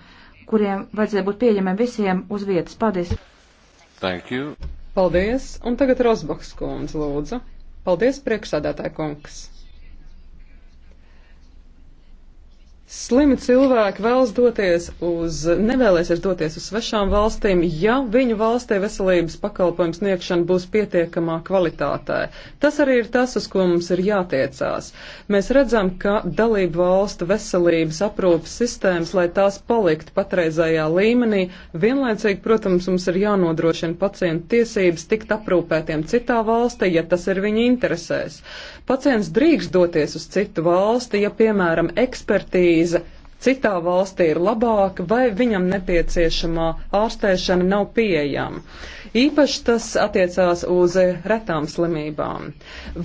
[SPEAKER 4] kuriem vajadzēja būt
[SPEAKER 3] pieejamiem visiem uz vietas. Paldies! Thank you! Paldies! Un tagad Rosbachs kundze lūdzu. Paldies, priekšsādātāja kungs! Slimi cilvēki vēlas doties uz, nevēlēsies doties uz svešām valstīm, ja viņu valstī veselības pakalpojums sniegšana būs pietiekamā kvalitātē. Tas arī ir tas, uz ko mums ir jātiecās. Mēs redzam, ka dalību valstu veselības aprūpas sistēmas, lai tās palikt patreizējā līmenī, vienlaicīgi, protams, mums ir jānodrošina pacientu tiesības tikt aprūpētiem citā valstī, ja tas ir viņa interesēs. Pacients drīkst doties uz citu valsti, ja, piemēram, ekspertīzi krīze citā valstī ir labāka vai viņam nepieciešamā ārstēšana nav pieejama. Īpaši tas attiecās uz retām slimībām.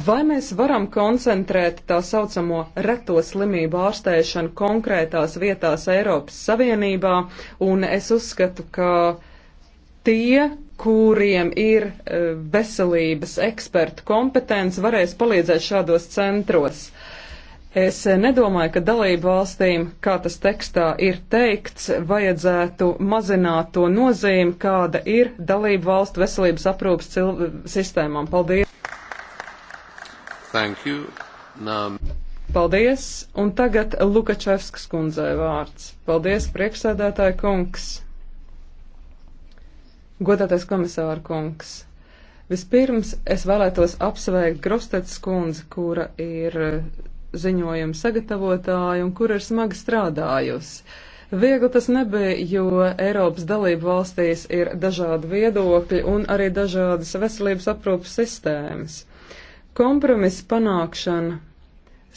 [SPEAKER 3] Vai mēs varam koncentrēt tā saucamo reto slimību ārstēšanu konkrētās vietās Eiropas Savienībā? Un es uzskatu, ka tie, kuriem ir eh, veselības ekspertu kompetence, varēs palīdzēt šādos centros. Uh, Es nedomāju, ka dalību valstīm, kā tas tekstā ir teikts, vajadzētu mazināt to nozīmi, kāda ir dalību valstu veselības aprūpas sistēmām. Paldies!
[SPEAKER 2] Thank you. Now...
[SPEAKER 3] Paldies! Un tagad Lukačevskas kundzei vārds. Paldies, priekšsēdētāja kungs! Godātais komisāra kungs! Vispirms es vēlētos apsveikt Grostets kundzi, kura ir ziņojuma sagatavotāja un kur ir smagi strādājusi. Viegli tas nebija, jo Eiropas dalību valstīs ir dažādi viedokļi un arī dažādas veselības aprūpas sistēmas. Kompromisa panākšana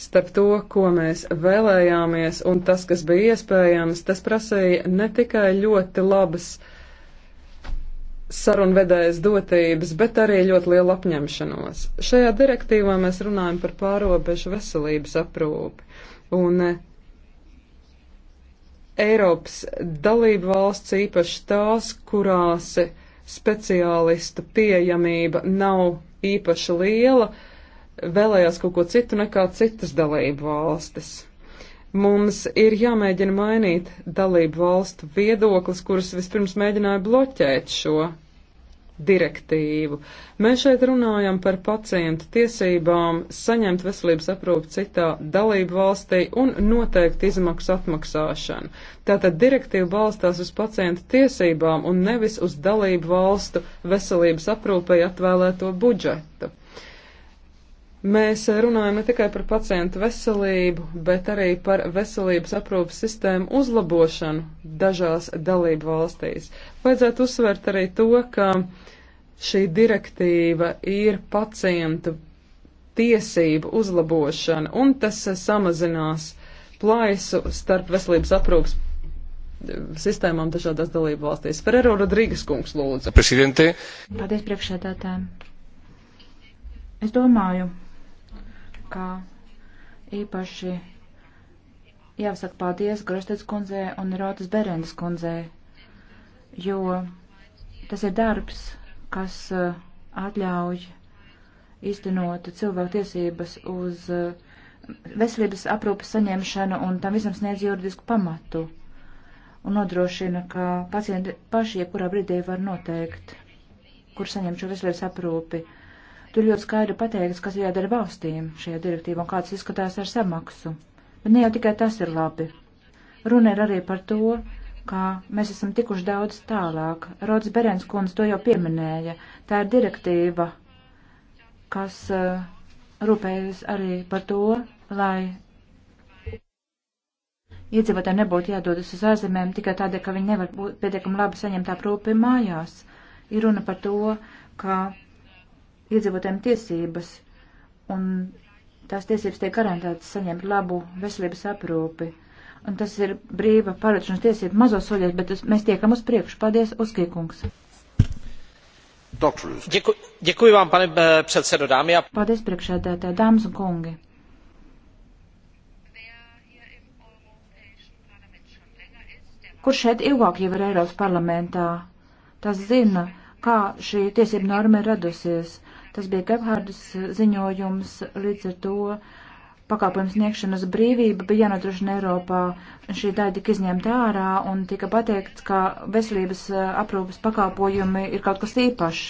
[SPEAKER 3] starp to, ko mēs vēlējāmies un tas, kas bija iespējams, tas prasīja ne tikai ļoti labas uh, sarunvedējas dotības, bet arī ļoti lielu apņemšanos. Šajā direktīvā mēs runājam par pārobežu veselības aprūpi, un eh, Eiropas dalību valsts īpaši tās, kurās speciālistu pieejamība nav īpaši liela, vēlējās kaut ko citu nekā citas dalību valstis. Mums ir jāmēģina mainīt dalību valstu viedoklis, kuras vispirms mēģināja bloķēt šo direktīvu. Mēs šeit runājam par pacientu tiesībām saņemt veselības aprūpi citā dalību valstī un noteikti izmaksu atmaksāšanu. Tātad direktīva balstās uz pacientu tiesībām un nevis uz dalību valstu veselības aprūpei atvēlēto budžetu. Mēs runājam ne tikai par pacientu veselību, bet arī par veselības aprūpas sistēmu uzlabošanu dažās dalību valstīs. Vajadzētu uzsvērt arī to, ka šī direktīva ir pacientu tiesību uzlabošana, un tas samazinās plaisu starp veselības aprūpas sistēmām dažādās dalību valstīs. Ferrero Rodrīgas kungs lūdzu. Presidente. Paldies
[SPEAKER 4] priekšsēdētājiem. Es domāju, ka īpaši jāsaka paldies Grostets kundzē un Rotas Berendes kundzē, jo tas ir darbs, kas uh, atļauj iztenot cilvēku tiesības uz uh, veselības aprūpas saņemšanu un tam visam sniedz juridisku pamatu un nodrošina, ka pacienti paši jebkurā brīdī var noteikt, kur saņem šo veselības aprūpi. Tur ļoti skaidri pateikts, kas jādara valstīm šajā direktīvā un kāds izskatās ar samaksu. Bet ne jau tikai tas ir labi. Runa ir arī par to, ka mēs esam tikuši daudz tālāk. Rods Berens kundze to jau pieminēja. Tā ir direktīva, kas uh, rūpējas arī par to, lai iedzīvotājiem nebūtu jādodas uz ārzemēm tikai tādēļ, ka viņi nevar pietiekami labi saņemt aprūpi mājās. Ir runa par to, ka iedzīvotājiem tiesības, un tās tiesības tiek garantētas saņemt labu veselības aprūpi. Un tas ir brīva pārvietošanas tiesība mazos soļos, bet tas, mēs tiekam uz priekšu. Paldies, Uzkīkungs.
[SPEAKER 2] Děku, děkuji vám, pane předsedo, dámy a...
[SPEAKER 4] Paldies, priekšēdētāji, dāmas un kungi. Kurš šeit ilgāk jau ir Eiropas parlamentā, tas zina, kā šī tiesība norma ir radusies. Tas bija Gebhārdas ziņojums, līdz ar to pakalpojums sniegšanas brīvība bija jānodrošina Eiropā. Šī daļa tika izņemta ārā un tika pateikts, ka veselības eh, aprūpas pakalpojumi ir kaut kas īpašs.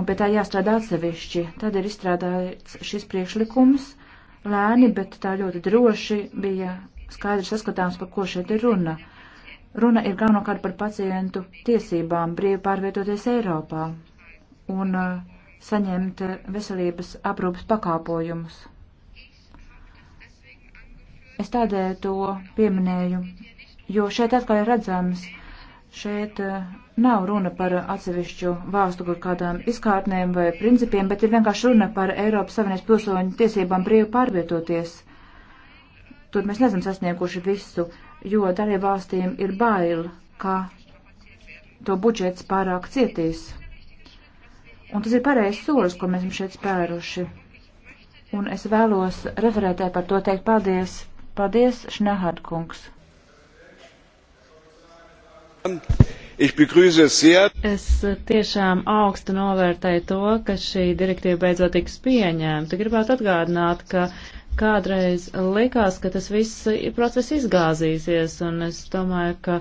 [SPEAKER 4] Un pie tā jāstrādā atsevišķi. Tad ir izstrādāts šis priekšlikums lēni, bet tā ļoti droši bija skaidri saskatāms, par ko šeit ir runa. Runa ir galvenokārt par pacientu tiesībām brīvi pārvietoties Eiropā. Un uh, saņemt eh, veselības aprūpas pakāpojumus. Es tādēļ to pieminēju, jo šeit atkal ir redzams, šeit eh, nav runa par atsevišķu valstu kaut kādām izkārtnēm vai principiem, bet ir vienkārši runa par Eiropas Savienības pilsoņu tiesībām brīvi pārvietoties. Tur mēs neesam sasnieguši visu, jo darīja valstīm ir bail, ka to budžets pārāk cietīs. Un tas ir pareizs solis, ko mēs šeit spēruši. Un es vēlos referētē par to teikt paldies.
[SPEAKER 1] Paldies, Šnehard kungs. Es tiešām augstu novērtēju to, ka šī direktīva beidzot tiks pieņemta. Gribētu atgādināt, ka kādreiz likās, ka tas viss process izgāzīsies, un es domāju, ka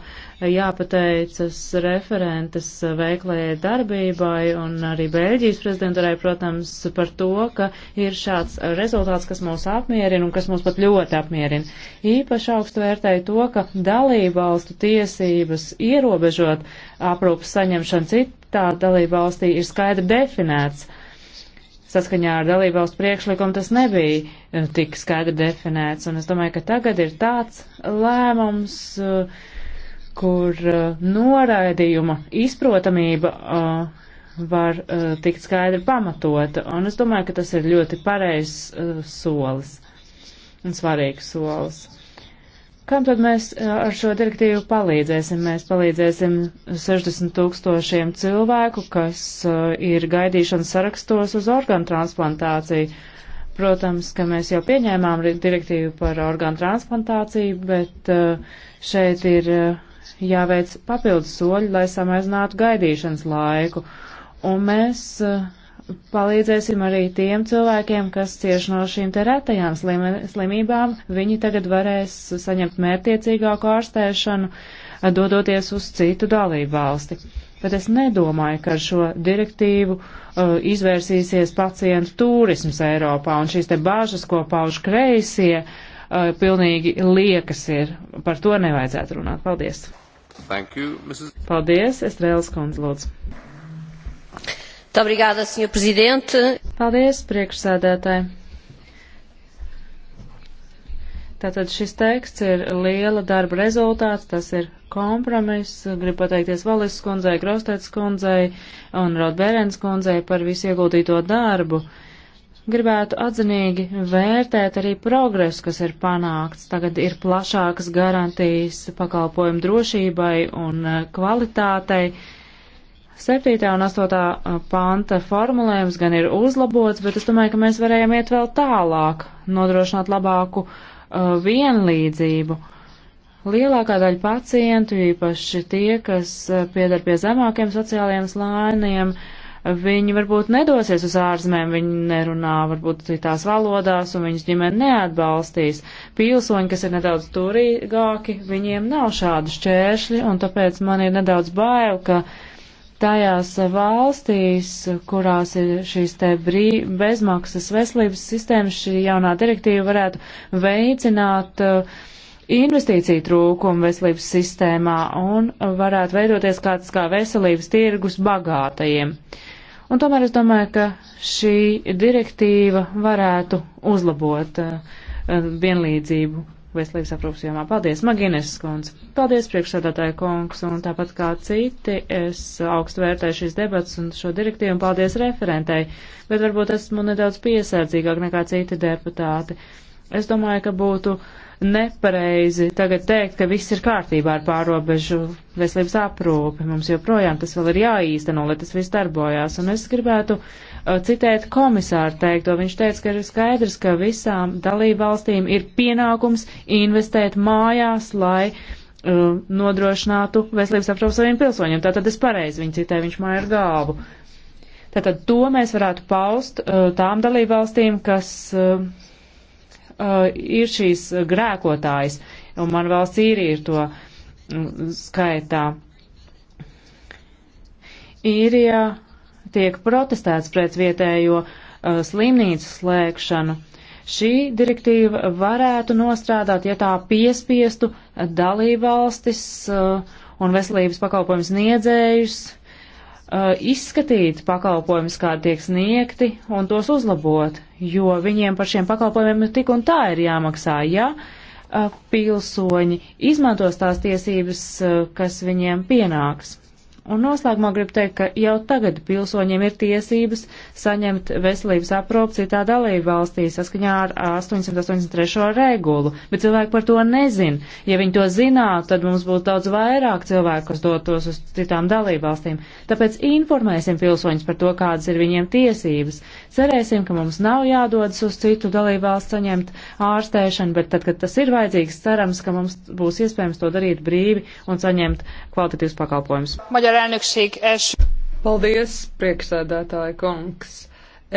[SPEAKER 1] jāpateicas referentes veiklējai darbībai un arī Bēļģijas prezidentūrai, protams, par to, ka ir šāds rezultāts, kas mūs apmierina un kas mūs pat ļoti apmierina. Īpaši augstu vērtēju to, ka dalībvalstu tiesības ierobežot aprūpas saņemšanu citā dalībvalstī ir skaidri definēts saskaņā ar dalībvalstu priekšlikumu tas nebija eh, tik skaidri definēts. Un es domāju, ka tagad ir tāds lēmums, eh, kur eh, noraidījuma izprotamība var tikt skaidri pamatota. Un es domāju, ka tas ir ļoti pareizs solis un svarīgs solis. Kam tad mēs ar šo direktīvu palīdzēsim? Mēs palīdzēsim 60 tūkstošiem cilvēku, kas ir gaidīšanas sarakstos uz organu transplantāciju. Protams, ka mēs jau pieņēmām direktīvu par organu transplantāciju, bet šeit ir jāveic papildus soļi, lai samazinātu gaidīšanas laiku. Un mēs uh, palīdzēsim arī tiem cilvēkiem, kas cieš no šīm te retajām slim, slimībām. Viņi tagad varēs saņemt mērtiecīgāku ārstēšanu, dodoties uz citu dalību valsti. Bet es nedomāju, ka ar šo direktīvu uh, izvērsīsies pacientu turisms Eiropā, un šīs te bāžas, ko pauž kreisie, uh, pilnīgi liekas ir. Par to nevajadzētu runāt. Paldies!
[SPEAKER 2] Thank you, Mrs.
[SPEAKER 1] Paldies, Estrēlas kundze, lūdzu.
[SPEAKER 4] Obrigada, Sr.
[SPEAKER 1] Prezidente. Paldies, priekšsēdētāji. Tātad šis teksts ir liela darba rezultāts, tas ir kompromiss. Gribu pateikties Valis skundzei, Grostets skundzei un Rodbērens skundzei par visu ieguldīto darbu. Gribētu atzinīgi vērtēt arī progresu, kas ir panākts. Tagad ir plašākas garantijas pakalpojumu drošībai un kvalitātei 7. un 8. Uh, panta formulējums gan ir uzlabots, bet es domāju, ka mēs varējām iet vēl tālāk, nodrošināt labāku uh, vienlīdzību. Lielākā daļa pacientu, īpaši tie, kas uh, piedar pie zemākiem sociālajiem slāniem, viņi varbūt nedosies uz ārzemēm, viņi nerunā varbūt citās valodās un viņas ģimene neatbalstīs. Pilsoņi, kas ir nedaudz turīgāki, viņiem nav šādu šķēršļi un tāpēc man ir nedaudz bail, ka uh, tajās valstīs, kurās ir šīs te brī, bezmaksas veselības sistēmas, šī jaunā direktīva varētu veicināt uh, investīciju trūkumu veselības sistēmā un varētu veidoties kāds kā veselības tirgus bagātajiem. Un tomēr es domāju, ka šī direktīva varētu uzlabot uh, vienlīdzību veselības aprūpas jomā. Paldies, Magīnes skundz. Paldies, priekšsēdētāja kungs, un tāpat kā citi, es augstu vērtēju šīs debats un šo direktīvu, un paldies referentei, bet varbūt esmu nedaudz piesardzīgāk nekā citi deputāti. Es domāju, ka būtu nepareizi tagad teikt, ka viss ir kārtībā ar pārobežu veselības aprūpi. Mums joprojām tas vēl ir jāīsteno, lai tas viss darbojās, un es gribētu uh, Eh, citēt komisāru teikto. Viņš teica, ka ir skaidrs, ka visām dalībvalstīm ir pienākums investēt mājās, lai uh, nodrošinātu veselības aprūpu saviem pilsoņiem. Tātad es pareizi viņu citēju, viņš māja ar galvu. Tātad to mēs varētu paust uh, tām dalībvalstīm, kas uh, ir šīs grēkotājas, un man valsts īrija ir to mm, skaitā. Īrijā tiek protestēts pret vietējo uh, slimnīcu slēgšanu. Šī direktīva varētu nostrādāt, ja tā piespiestu dalībvalstis uh, un veselības pakalpojums niedzējus uh, izskatīt pakalpojumus, kādi tiek sniegti, un tos uzlabot, jo viņiem par šiem pakalpojumiem tik un tā ir jāmaksā, ja uh, pilsoņi izmantos tās tiesības, uh, kas viņiem pienāks. Un noslēgumā gribu teikt, ka jau tagad pilsoņiem ir tiesības saņemt veselības aprūpu citā dalība valstī saskaņā ar 883. regulu, bet cilvēki par to nezin. Ja viņi to zinātu, tad mums būtu daudz vairāk cilvēku, kas dotos uz citām dalību valstīm. Tāpēc informēsim pilsoņus par to, kādas ir viņiem tiesības. Cerēsim, ka mums nav jādodas uz citu dalību valsts saņemt ārstēšanu, bet tad, kad tas ir vajadzīgs, cerams, ka mums būs iespējams to darīt brīvi un saņemt kvalitatīvus pakalpojumus.
[SPEAKER 3] Maģarē. Paldies, prieksēdētāja kungs.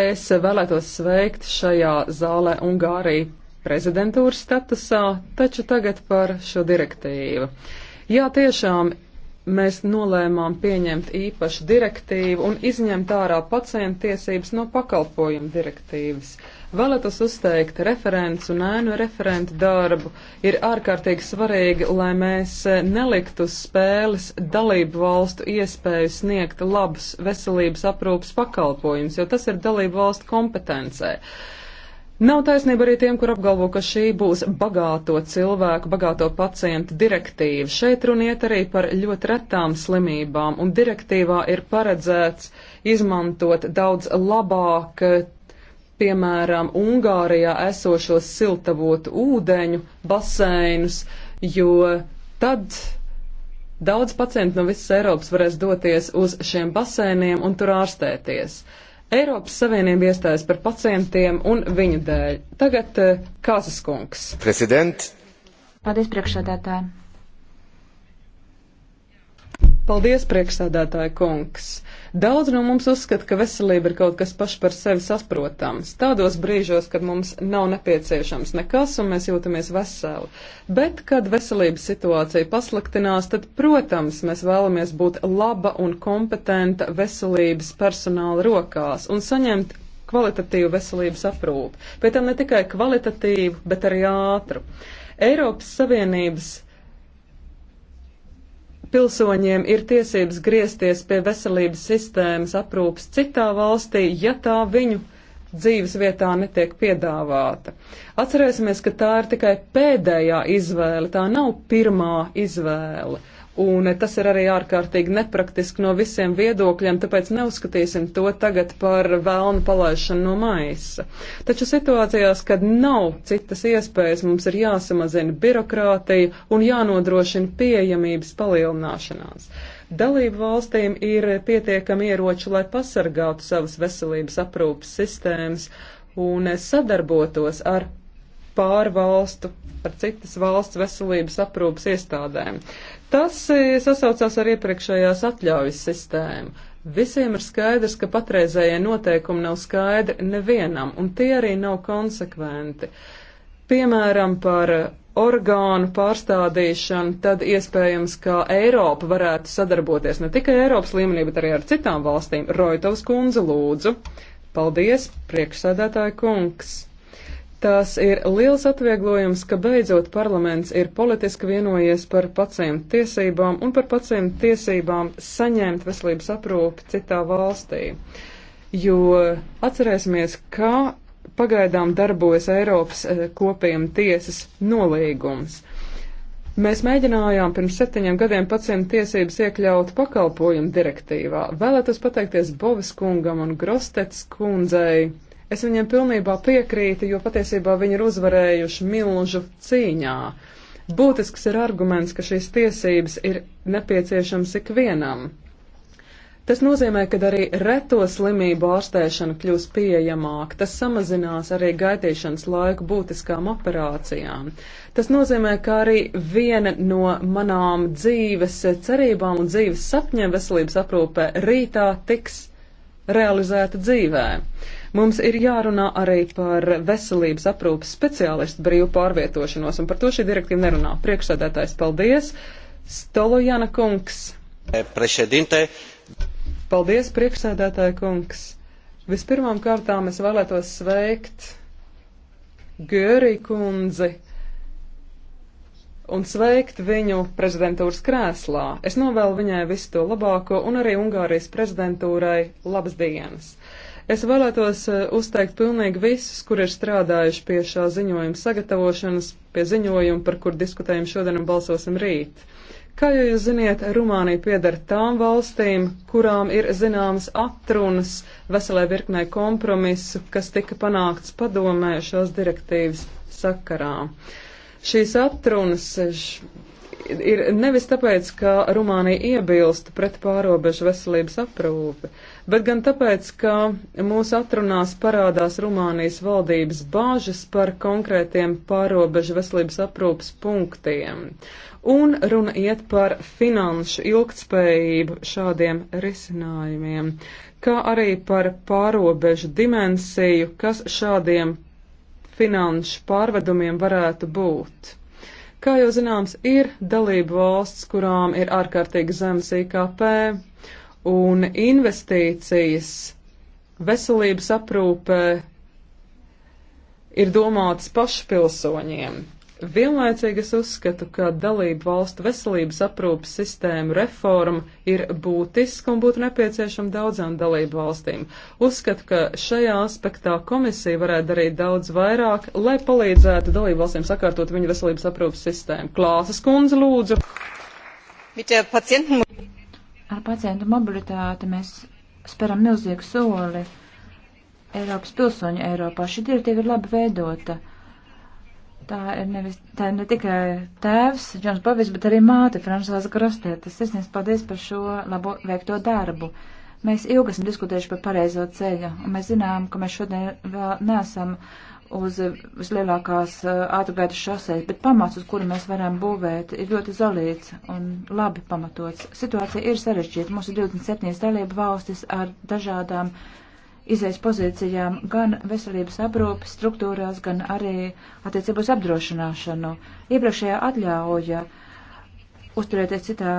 [SPEAKER 3] Es vēlētos sveikt šajā zālē Ungāriju prezidentūras statusā, taču tagad par šo direktīvu. Jā, tiešām mēs nolēmām pieņemt īpašu direktīvu un izņemt ārā pacienta tiesības no pakalpojuma direktīvas. Vēlētos uzteikt referents un ēnu referentu darbu. Ir ārkārtīgi svarīgi, lai mēs eh, neliktu uz spēles dalību valstu iespēju sniegt labus veselības aprūpas pakalpojumus, jo tas ir dalību valstu kompetencē. Nav taisnība arī tiem, kur apgalvo, ka šī būs bagāto cilvēku, bagāto pacientu direktīva. Šeit runiet arī par ļoti retām slimībām, un direktīvā ir paredzēts izmantot daudz labāk eh, piemēram, Ungārijā esošos siltavotu ūdeņu baseinus, jo tad daudz pacientu no visas Eiropas varēs doties uz šiem baseiniem un tur ārstēties. Eiropas Savienība iestājas par pacientiem un viņu dēļ. Tagad eh, Kāzas kungs.
[SPEAKER 1] Prezident.
[SPEAKER 3] Paldies, priekšsēdētāji. Paldies, priekšsēdētāji kungs. Daudz no mums uzskata, ka veselība ir kaut kas paši par sevi saprotams. Tādos brīžos, kad mums nav nepieciešams nekas un mēs jūtamies veseli. Bet, kad veselības situācija pasliktinās, tad, protams, mēs vēlamies būt laba un kompetenta veselības personāla rokās un saņemt kvalitatīvu veselības aprūpi. Pēc tam ne tikai kvalitatīvu, bet arī ātru. Eiropas Savienības pilsoņiem ir tiesības griezties pie veselības sistēmas aprūpas citā valstī, ja tā viņu dzīves vietā netiek piedāvāta. Atcerēsimies, ka tā ir tikai pēdējā izvēle, tā nav pirmā izvēle. Un tas ir arī ārkārtīgi nepraktiski no visiem viedokļiem, tāpēc neuzskatīsim to tagad par vēlnu palaišanu no maisa. Taču situācijās, kad nav citas iespējas, mums ir jāsamazina birokrātija un jānodrošina pieejamības palielināšanās. Dalību valstīm ir pietiekami ieroči, lai pasargātu savas veselības aprūpas sistēmas un sadarbotos ar pārvalstu ar citas valsts veselības aprūpas iestādēm. Tas e, sasaucās ar iepriekšējās atļaujas sistēmu. Visiem ir skaidrs, ka patreizējie noteikumi nav skaidri nevienam, un tie arī nav konsekventi. Piemēram, par orgānu pārstādīšanu, tad iespējams, ka Eiropa varētu sadarboties ne tikai Eiropas līmenī, bet arī ar citām valstīm. Roitovs kundze lūdzu. Paldies, priekšsēdētāja kungs! Tās ir liels atvieglojums, ka beidzot parlaments ir politiski vienojies par pacientu tiesībām un par pacientu tiesībām saņemt veselības aprūpi citā valstī. Jo atcerēsimies, ka pagaidām darbojas Eiropas eh, kopiena tiesas nolīgums. Mēs mēģinājām pirms septiņiem gadiem pacientu tiesības iekļaut pakalpojumu direktīvā. Vēlētos pateikties Bovis kungam un Grostets kundzei Es viņiem pilnībā piekrītu, jo patiesībā viņi ir uzvarējuši milžu cīņā. Būtisks ir arguments, ka šīs tiesības ir nepieciešams ikvienam. Tas nozīmē, ka arī reto slimību ārstēšana kļūs pieejamāk, tas samazinās arī gaidīšanas laiku būtiskām operācijām. Tas nozīmē, ka arī viena no manām dzīves cerībām un dzīves sapņiem veselības aprūpē rītā tiks realizēta dzīvē. Mums ir jārunā arī par veselības aprūpas speciālistu brīvu pārvietošanos, un par to šī direktīva nerunā. Priekšsēdētājs, paldies! Stolojana kungs! Eh, Prešedinte! Paldies, priekšsēdētāja kungs! Vispirmām kārtām es vēlētos sveikt Gērī kundzi un sveikt viņu prezidentūras krēslā. Es novēlu viņai visu to labāko un arī Ungārijas prezidentūrai labas dienas. Es vēlētos eh, uzteikt pilnīgi visus, kur ir strādājuši pie šā ziņojuma sagatavošanas, pie ziņojuma, par kur diskutējam šodien un balsosim rīt. Kā jau jūs ziniet, Rumānija pieder tām valstīm, kurām ir zināmas atrunas veselē virknē kompromisu, kas tika panākts padomē šās direktīvas sakarā. Šīs atrunas ir nevis tāpēc, ka Rumānija iebilst pret pārobežu veselības aprūpi, bet gan tāpēc, ka mūsu atrunās parādās Rumānijas valdības bāžas par konkrētiem pārobežu veselības aprūpas punktiem. Un runa iet par finanšu ilgtspējību šādiem risinājumiem, kā arī par pārobežu dimensiju, kas šādiem finanšu pārvedumiem varētu būt. Kā jau zināms, ir dalību valsts, kurām ir ārkārtīgi zemes IKP un investīcijas veselības aprūpē ir domātas pašpilsoņiem. Vienlaicīgi es uzskatu, ka dalību valstu veselības aprūpas sistēma reforma ir būtiska un būtu nepieciešama daudzām dalību valstīm. Uzskatu, ka šajā aspektā komisija varētu darīt daudz vairāk, lai palīdzētu dalību valstīm sakārtot viņu veselības aprūpas sistēmu. Klāsas kundze, lūdzu!
[SPEAKER 4] Ar pacientu mobilitāti mēs speram milzīgu soli Eiropas pilsoņu Eiropā. Šī direktīva ir labi veidota Tā ir, nevis, tā ir ne tikai tēvs, Džons Bovis, bet arī māte, Francāza Grostētas. Es nezinu, paldies par šo labo veikto darbu. Mēs ilgi esam diskutējuši par pareizo ceļu, un mēs zinām, ka mēs šodien vēl neesam uz vislielākās uh, ātrgaitas šoseis, bet pamats, uz kuru mēs varam būvēt, ir ļoti zolīts un labi pamatots. Situācija ir sarežģīta. Mums ir 27 dalību valstis ar dažādām izējas pozīcijām gan veselības aprūpas struktūrās, gan arī attiecībos apdrošināšanu. Iepriekšējā atļauja uzturēties citā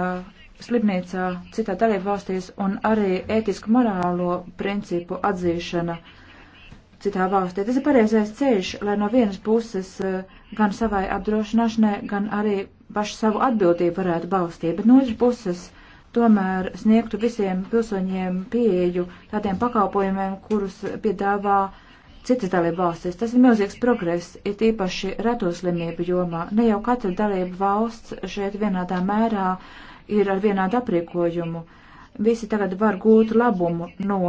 [SPEAKER 4] slimnīcā, citā dalību valstīs un arī ētisku morālo principu atzīšana citā valstī. Tas ir pareizais ceļš, lai no vienas puses eh, gan savai apdrošināšanai, gan arī pašu savu atbildību varētu balstīt, bet no otras puses tomēr sniegtu visiem pilsoņiem pieeju tādiem pakalpojumiem, kurus piedāvā citas dalība valstis. Tas ir milzīgs progress, ir īpaši reto slimību jomā. Ne jau katra dalība valsts šeit vienādā mērā ir ar vienādu aprīkojumu. Visi tagad var gūt labumu no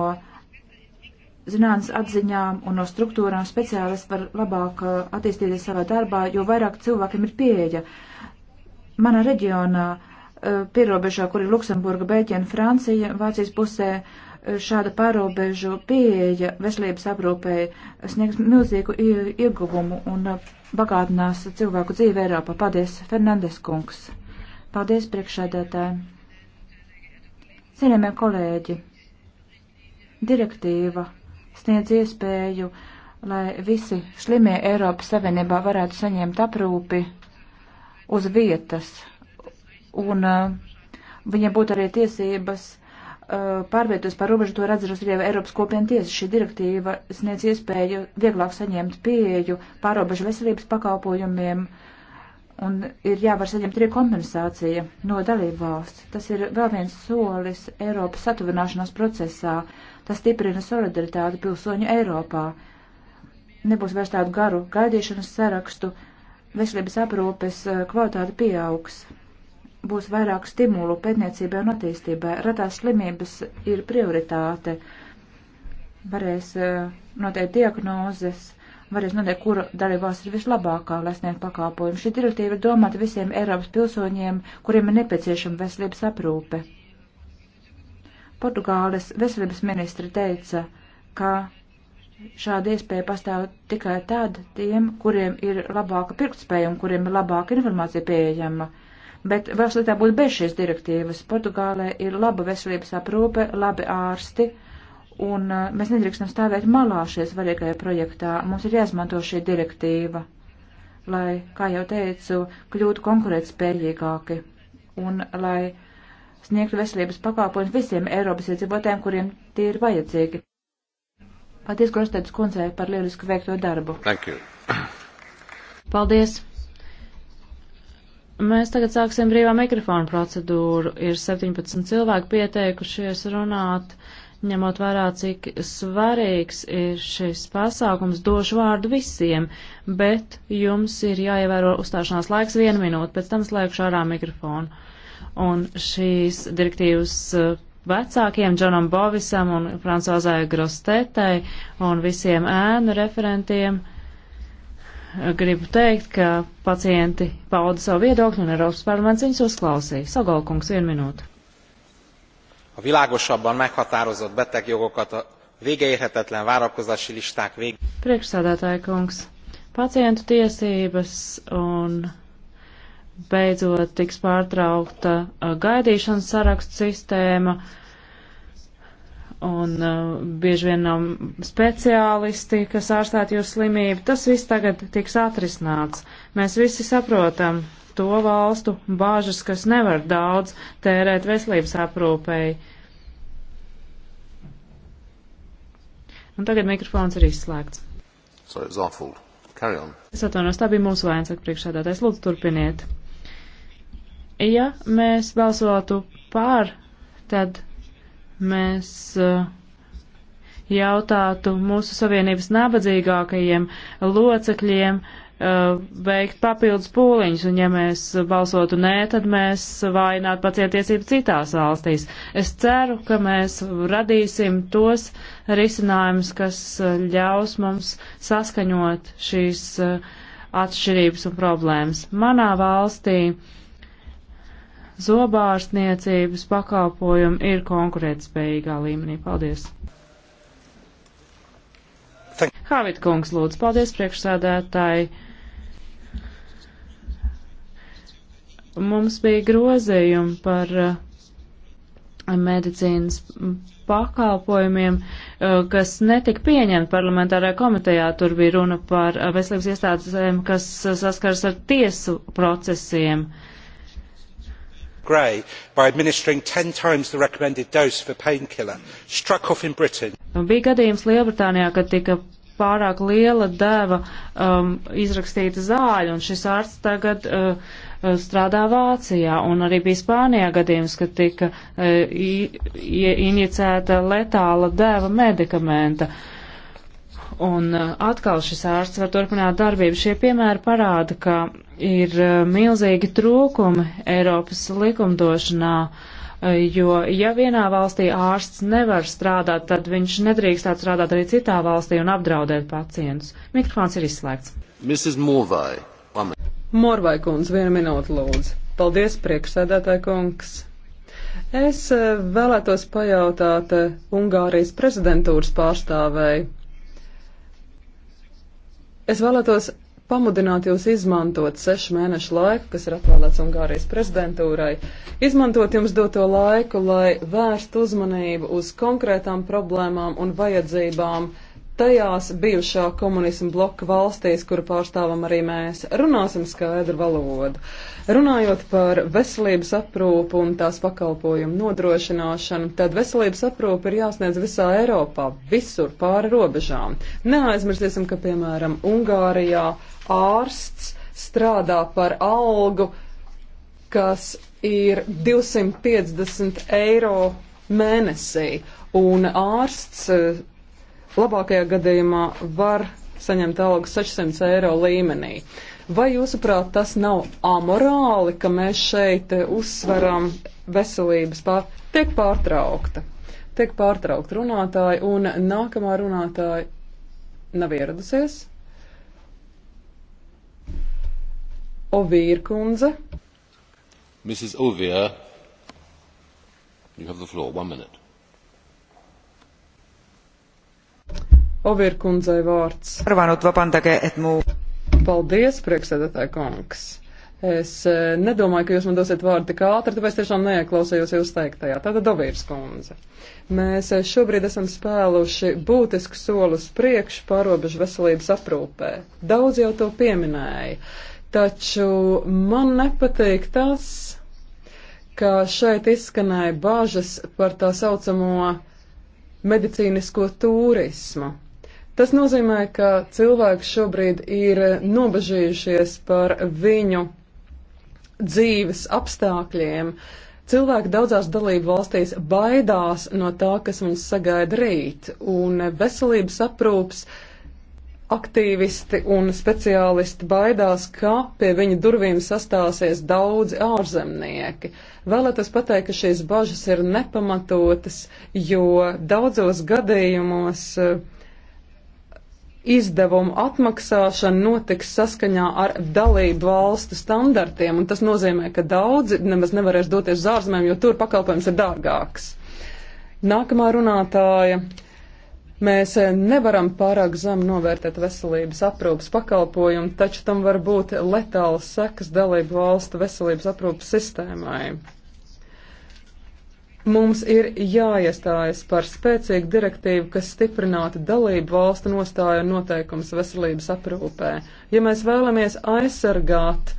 [SPEAKER 4] zinātnes atziņām un no struktūrām speciālis var labāk uh, attīstīties savā darbā, jo vairāk cilvēkiem ir pieeja. Mana reģionā uh, Eh, pierobežā, kur ir Luksemburga, Beļģija un Francija, Vācijas pusē eh, šāda pārobežu pieeja veselības aprūpēji sniegs milzīgu ieguvumu un eh, bagātinās cilvēku dzīvi Eiropā. Paldies, Fernandes kungs. Paldies, priekšsēdētāji. Cienījamie kolēģi, direktīva sniedz iespēju, lai visi slimie Eiropas Savienībā varētu saņemt aprūpi uz vietas un uh, viņiem būtu arī tiesības uh, pārvietoties par robežu, to ir atzirusi arī Eiropas kopiena tiesa. Šī direktīva sniedz iespēju vieglāk saņemt pieeju pārobežu veselības pakalpojumiem, un ir jāvar saņemt arī kompensācija no dalību valsts. Tas ir vēl viens solis Eiropas satuvināšanās procesā. Tas stiprina solidaritāti pilsoņu Eiropā. Nebūs vairs tādu garu gaidīšanas sarakstu, veselības aprūpes uh, kvalitāte pieaugs būs vairāk stimulu pētniecībai un attīstībai. Radās slimības ir prioritāte. Varēs eh, noteikt diagnozes, varēs noteikt, kura dalībās ir vislabākā, lai sniegtu pakāpojumu. Šī direktīva ir domāta visiem Eiropas pilsoņiem, kuriem ir nepieciešama veselības aprūpe. Portugāles veselības ministri teica, ka Šāda iespēja pastāv tikai tad tiem, kuriem ir labāka pirktspēja un kuriem ir labāka informācija pieejama. Uh, bet vēl sliktāk būtu bez šīs direktīvas. Portugālē ir laba veselības aprūpe, labi ārsti, un uh, mēs nedrīkstam stāvēt malā šajā svarīgajā projektā. Mums ir jāizmanto šī direktīva, lai, kā jau teicu, kļūtu konkurētspējīgāki un lai sniegtu veselības pakāpojumus visiem Eiropas iedzīvotājiem, kuriem tie ir vajadzīgi. Paldies, Grostētas
[SPEAKER 1] kundzei, par lielisku veikto darbu. Thank you. Paldies! Mēs tagad sāksim brīvā mikrofona procedūru. Ir 17 cilvēki pieteikušies runāt, ņemot vērā, cik svarīgs ir šis pasākums. Došu vārdu visiem, bet jums ir jāievēro uzstāšanās laiks vienu minūti, pēc tam slēgšu ārā mikrofonu. Un šīs direktīvas eh, vecākiem, Džonam Bovisam un Francozai Grostetai un visiem ēnu referentiem gribu teikt, ka pacienti pauda savu viedokli un Eiropas parlaments viņus uzklausīja. Sagalkungs, vienu minūtu.
[SPEAKER 2] A világosabban meghatározott betegjogokat a végeérhetetlen várakozási listák vég.
[SPEAKER 1] Priekšsādātāja kungs, pacientu tiesības un beidzot tiks pārtraukta gaidīšanas sarakstu sistēma. Uh, un uh, bieži vien nav speciālisti, kas ārstētu jūsu slimību. Tas viss tagad tiks atrisināts. Mēs visi saprotam to valstu bāžas, kas nevar daudz tērēt veselības aprūpēji. Un tagad mikrofons ir izslēgts.
[SPEAKER 2] So it's awful. Carry on.
[SPEAKER 1] Es atvainojos, tā bija mūsu vaina, saka priekšādātais. Lūdzu, turpiniet. Ja mēs balsotu pār, tad mēs eh, jautātu mūsu savienības nabadzīgākajiem locekļiem eh, veikt papildus pūliņus, un ja mēs balsotu nē, tad mēs vājinātu pacietiesību citās valstīs. Es ceru, ka mēs radīsim tos risinājumus, kas eh, ļaus mums saskaņot šīs atšķirības un problēmas. Manā valstī uh, zobārstniecības pakalpojumi ir konkurētspējīgā līmenī. Paldies! Havit kungs, lūdzu, paldies priekšsādētāji. Mums bija grozējumi par uh, medicīnas pakalpojumiem, uh, kas netika pieņemti parlamentārajā komitejā. Tur bija runa par uh, veselības iestādēm, kas saskars ar tiesu procesiem. Uh,
[SPEAKER 4] gray by administering ten times the recommended dose of a painkiller struck off in Britain.
[SPEAKER 1] Nu, bija gadījums Lielbritānijā, kad tika pārāk liela deva um, izrakstīta zāļa, un šis ārsts tagad uh, uh strādā Vācijā, un arī bija Spānijā gadījums, kad tika uh, injicēta letāla deva medikamenta. Uh, Un uh, atkal šis ārsts var turpināt darbību. Šie piemēri parāda, ka ir uh, milzīgi trūkumi Eiropas likumdošanā, uh, jo ja vienā valstī ārsts nevar strādāt, tad viņš nedrīkstētu strādāt arī citā valstī un
[SPEAKER 3] apdraudēt pacientus. Mikrofons ir izslēgts.
[SPEAKER 2] Mrs. Morvai.
[SPEAKER 3] Morvai kundze, vienu minūtu lūdzu. Paldies, priekšsēdētāji kungs. Es vēlētos pajautāt Ungārijas prezidentūras pārstāvēju Es vēlētos pamudināt jūs izmantot sešu mēnešu laiku, kas ir atvēlēts Ungārijas prezidentūrai, izmantot jums doto laiku, lai vērstu uzmanību uz konkrētām problēmām un vajadzībām tajās bijušā komunismu bloka valstīs, kuru pārstāvam arī mēs, runāsim skaidru valodu. Runājot par veselības aprūpu un tās pakalpojumu nodrošināšanu, tad veselības aprūpa ir jāsniedz visā Eiropā, visur pāri robežām. Neaizmirsīsim, ka, piemēram, Ungārijā ārsts strādā par algu, kas ir 250 eiro mēnesī, un ārsts labākajā gadījumā var saņemt algu 600 eiro līmenī. Vai jūsuprāt, tas nav amorāli, ka mēs šeit uzsveram veselības pār... tiek pārtraukta? Tiek pārtraukta runātāja, un nākamā runātāja nav ieradusies. Ovīra kundze.
[SPEAKER 2] Mrs. Ovīra, you have the floor, one minute.
[SPEAKER 3] Ovirkundzei vārds. Arvānot, vapantagē, et mū. Paldies, priekšsēdētāji kungs. Es e, nedomāju, ka jūs man dosiet vārdu tik ātri, tāpēc tiešām neieklausējos jūs teiktajā. Tātad Dovīrs kundze. Mēs e, šobrīd esam spēluši būtisku solus priekš pārobežu veselības aprūpē. Daudz jau to pieminēja, taču man nepatīk tas, ka šeit izskanēja bāžas par tā saucamo medicīnisko turismu. Tas nozīmē, ka cilvēki šobrīd ir nobežījušies par viņu dzīves apstākļiem. Cilvēki daudzās dalību valstīs baidās no tā, kas viņus sagaida rīt, un veselības aprūps aktīvisti un speciālisti baidās, ka pie viņu durvīm sastāsies daudzi ārzemnieki. Vēlētos pateikt, ka šīs bažas ir nepamatotas, jo daudzos gadījumos uh, izdevumu atmaksāšana notiks saskaņā ar dalību valstu standartiem, un tas nozīmē, ka daudzi nemaz nevarēs doties uz ārzemēm, jo tur pakalpojums ir dārgāks. Nākamā runātāja. Mēs nevaram pārāk zem novērtēt veselības aprūpas pakalpojumu, taču tam var būt letāls sekas dalību valstu veselības aprūpas sistēmai. Mums ir jāiestājas par spēcīgu direktīvu, kas stiprinātu dalību valstu nostāju un noteikumus veselības aprūpē. Ja mēs vēlamies aizsargāt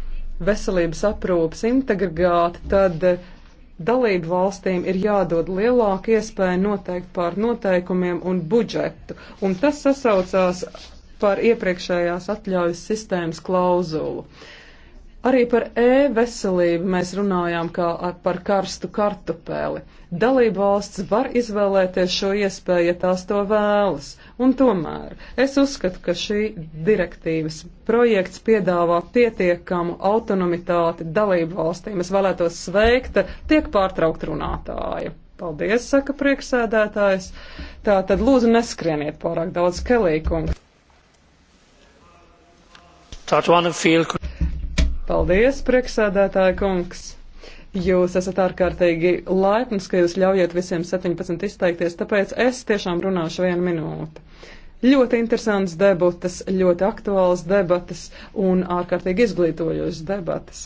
[SPEAKER 3] veselības aprūpas integrāti, tad dalību valstīm ir jādod lielāka iespēja noteikt pār noteikumiem un budžetu, un tas sasaucās par iepriekšējās atļaujas sistēmas klauzulu. Uh, Arī par e-veselību mēs runājām kā par karstu kartupēli. Dalība valsts var izvēlēties šo iespēju, ja tās to vēlas. Un tomēr es uzskatu, ka šī direktīvas projekts piedāvā pietiekamu autonomitāti dalību valstīm. Es vēlētos sveikt, tiek pārtraukt runātāju. Paldies, saka prieksēdētājs. Tā tad lūdzu neskrieniet pārāk daudz kelīkumu. Tā tu Anna Filku. Paldies, prieksēdētāja kungs! Jūs esat ārkārtīgi laipns, ka jūs ļaujat visiem 17 izteikties, tāpēc es tiešām runāšu vienu minūti. Ļoti interesants debatas, ļoti aktuāls debatas un ārkārtīgi izglītojošas debatas.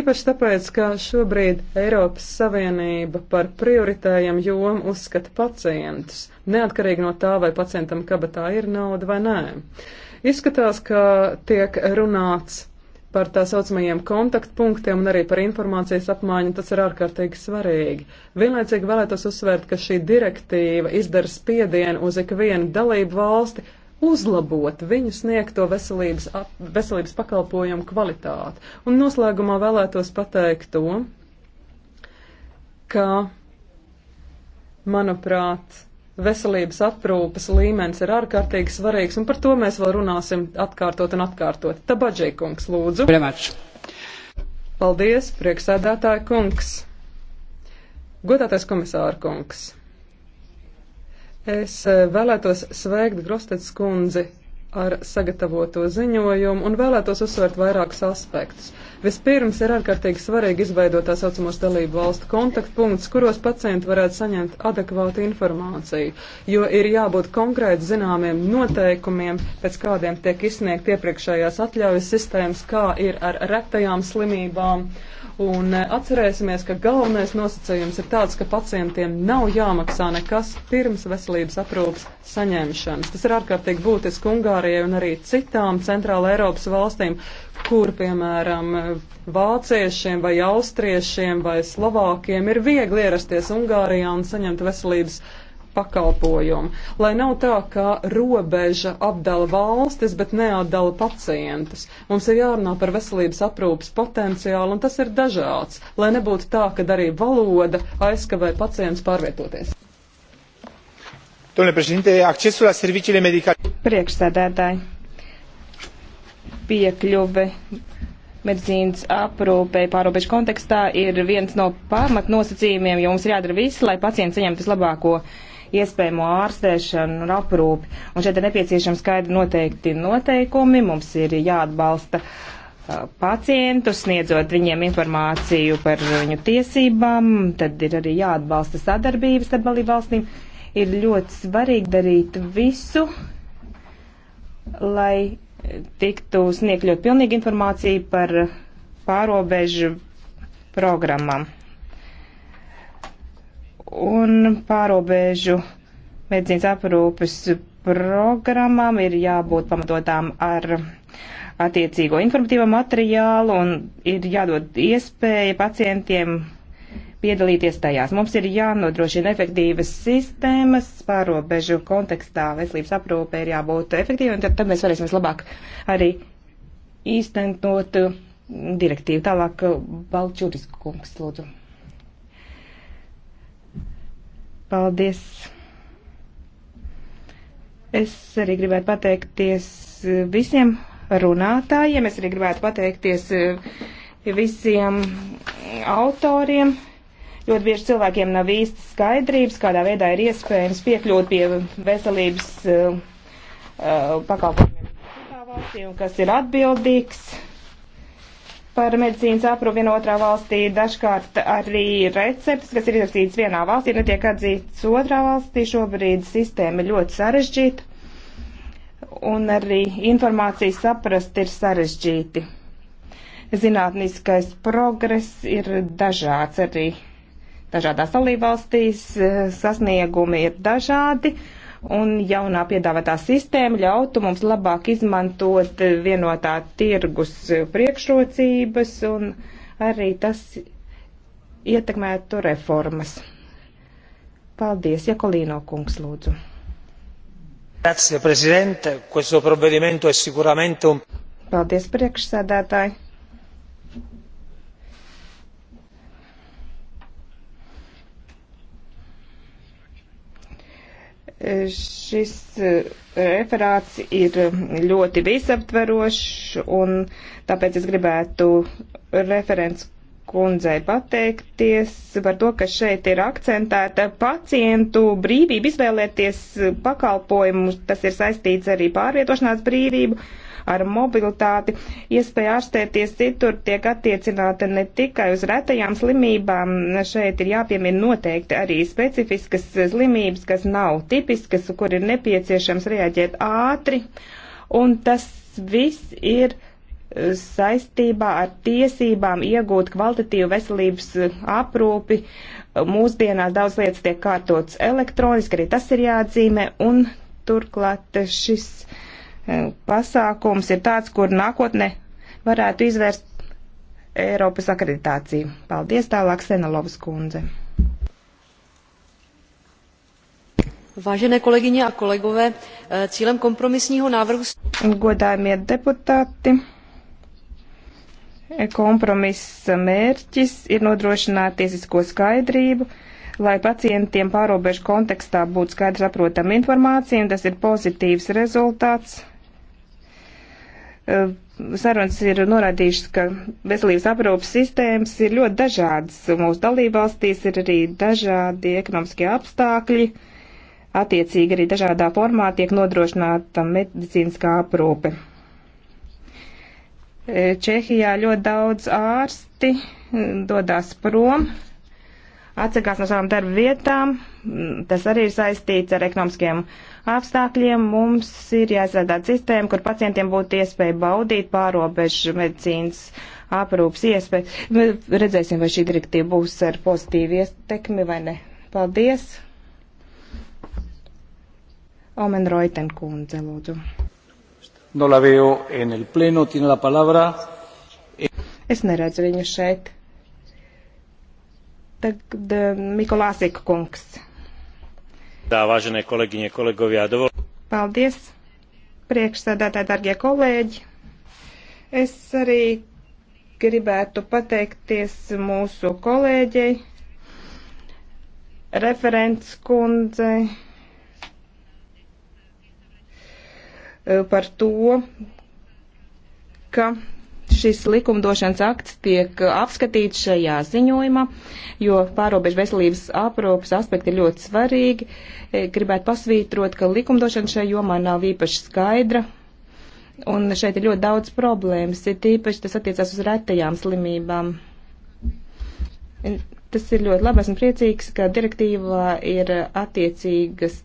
[SPEAKER 3] Īpaši tāpēc, ka šobrīd Eiropas Savienība par prioritējam jomu uzskata pacientus, neatkarīgi no tā, vai pacientam kabatā ir nauda vai nē. Izskatās, ka tiek runāts par tā saucamajiem kontaktpunktiem un arī par informācijas apmaiņu, tas ir ārkārtīgi svarīgi. Vienlaicīgi vēlētos uzsvērt, ka šī direktīva izdara spiedienu uz ikvienu dalību valsti uzlabot viņu sniegto veselības, ap, veselības pakalpojumu kvalitāti. Un noslēgumā vēlētos pateikt to, ka, manuprāt, veselības aprūpas līmenis ir ārkārtīgi svarīgs, un par to mēs vēl runāsim atkārtot un atkārtot. Tabadžī kungs, lūdzu. Priemačs. Paldies, prieksēdētāja kungs. Godātais komisāra kungs. Es eh, vēlētos sveikt Grostets kundzi ar sagatavoto ziņojumu un vēlētos uzsvērt vairākus aspektus. Vispirms ir ārkārtīgi svarīgi izveidot tā saucamos dalību valstu kontaktpunktus, kuros pacienti varētu saņemt adekvātu informāciju, jo ir jābūt konkrēti zināmiem noteikumiem, pēc kādiem tiek izsniegt iepriekšējās atļaujas sistēmas, kā ir ar retajām slimībām. Uh, Un eh, atcerēsimies, ka galvenais nosacījums ir tāds, ka pacientiem nav jāmaksā nekas pirms veselības aprūpas saņemšanas. Tas ir ārkārtīgi būtiski Ungārijai un arī citām centrāla Eiropas valstīm, kur, piemēram, vāciešiem vai austriešiem vai slovākiem ir viegli ierasties Ungārijā un saņemt veselības pakalpojumu, lai nav tā, ka robeža apdala valstis, bet neatdala pacientus. Mums ir jārunā par veselības aprūpas potenciālu, un tas ir dažāds, lai nebūtu tā, ka arī valoda aizkavē pacients pārvietoties.
[SPEAKER 2] Domnule președinte, accesul la serviciile medicale. Priekšsēdētāji, piekļuve medicīnas aprūpē pārobežu kontekstā ir viens no pamatnosacījumiem, jo mums ir jādara viss, lai pacients saņemtu vislabāko iespējamo ārstēšanu un aprūpi. Un šeit ir nepieciešams skaidri noteikti noteikumi, mums ir jāatbalsta pacientu, sniedzot viņiem informāciju par viņu tiesībām, tad ir arī jāatbalsta sadarbības ar dalību valstīm. Ir ļoti svarīgi darīt visu, lai tiktu sniegt ļoti pilnīga informācija par pārobežu programmām un pārobežu medicīnas aprūpes programmām ir jābūt pamatotām ar attiecīgo informatīvo materiālu un ir jādod iespēja pacientiem piedalīties tajās. Mums ir jānodrošina efektīvas sistēmas, pārobežu kontekstā veselības aprūpe ir jābūt efektīva, un tad, tad mēs varēsim labāk arī īstenot direktīvu. Tālāk Balčūris kungs, lūdzu. Paldies! Es arī gribētu pateikties eh, visiem runātājiem, es arī gribētu pateikties eh, visiem autoriem. Ļoti bieži cilvēkiem nav īsti skaidrības, kādā veidā ir iespējams piekļūt pie veselības uh, pakalpojumiem citā valstī un kas ir atbildīgs par medicīnas aprūpinu otrā valstī. Dažkārt arī recepts, kas ir izrakstīts vienā valstī, netiek atzīts otrā valstī. Šobrīd sistēma ļoti sarežģīta un arī informācijas saprast ir sarežģīti. Zinātniskais progress ir dažāds arī dažādās dalībvalstīs, eh, sasniegumi ir dažādi un jaunā piedāvātā sistēma ļautu mums labāk izmantot vienotā tirgus priekšrocības un arī tas ietekmētu reformas. Paldies, Jakolīno kungs, lūdzu. Grazie, prezidente. Questo provvedimento è sicuramente un. Paldies, priekšsēdētāji Šis e, referāts ir ļoti visaptverošs, un tāpēc es gribētu referents kundzei pateikties par to, ka šeit ir akcentēta pacientu brīvība izvēlēties pakalpojumu. Tas ir saistīts arī pārvietošanās brīvību ar mobilitāti. Iespēja ārstēties citur tiek attiecināta ne tikai uz retajām slimībām. Šeit ir jāpiemina noteikti arī specifiskas slimības, kas nav tipiskas, kur ir nepieciešams reaģēt ātri. Un tas viss ir eh, saistībā ar tiesībām iegūt kvalitatīvu veselības eh, aprūpi. Mūsdienās daudz lietas tiek kārtotas elektroniski, arī tas ir jāatzīmē, un turklāt eh, šis uh, pasākums ir tāds, kur nākotne varētu izvērst Eiropas akreditāciju. Paldies tālāk, Senalovas kundze.
[SPEAKER 1] Vážené kolegyně a kolegové, cílem kompromisního návrhu...
[SPEAKER 2] Godājumie deputāti, kompromisa mērķis ir nodrošināt tiesisko skaidrību, lai pacientiem pārobežu kontekstā būtu skaidrs saprotama informācija, un tas ir pozitīvs rezultāts Eh, sarunas ir norādījušas, ka veselības aprūpas sistēmas ir ļoti dažādas. Mūsu dalībvalstīs ir arī dažādi ekonomiskie apstākļi, attiecīgi arī dažādā formā tiek nodrošināta medicīniskā aprūpe. Eh, Čehijā ļoti daudz ārsti eh, dodās prom atsakās no savām darba vietām. Tas arī ir saistīts ar ekonomiskiem apstākļiem. Mums ir jāizstrādā sistēma, kur pacientiem būtu iespēja baudīt pārobežu medicīnas aprūpas iespēju. Nu, redzēsim, vai šī direktīva būs ar pozitīvu ietekmi vai ne. Paldies! Omen Reuten kundze, lūdzu.
[SPEAKER 4] No la veo en el pleno, tiene la palabra.
[SPEAKER 2] Es neredzu viņu šeit. Tagad eh, Mikolāsika kungs.
[SPEAKER 4] Tā, vāžanie kolēģiņie, kolegovjā, dovol.
[SPEAKER 2] Paldies, priekšsēdētāji, dargie kolēģi. Es arī gribētu pateikties mūsu kolēģei, referents kundzei eh, par to, ka šis likumdošanas akts tiek apskatīts šajā ziņojumā, jo pārobežu veselības aprūpas aspekti ir ļoti svarīgi. E, gribētu pasvītrot, ka likumdošana šajā jomā nav īpaši skaidra. Un šeit ir ļoti daudz problēmas, ir tīpaši tas attiecās uz retajām slimībām. E, tas ir ļoti labi, esmu priecīgs, ka direktīvā ir attiecīgas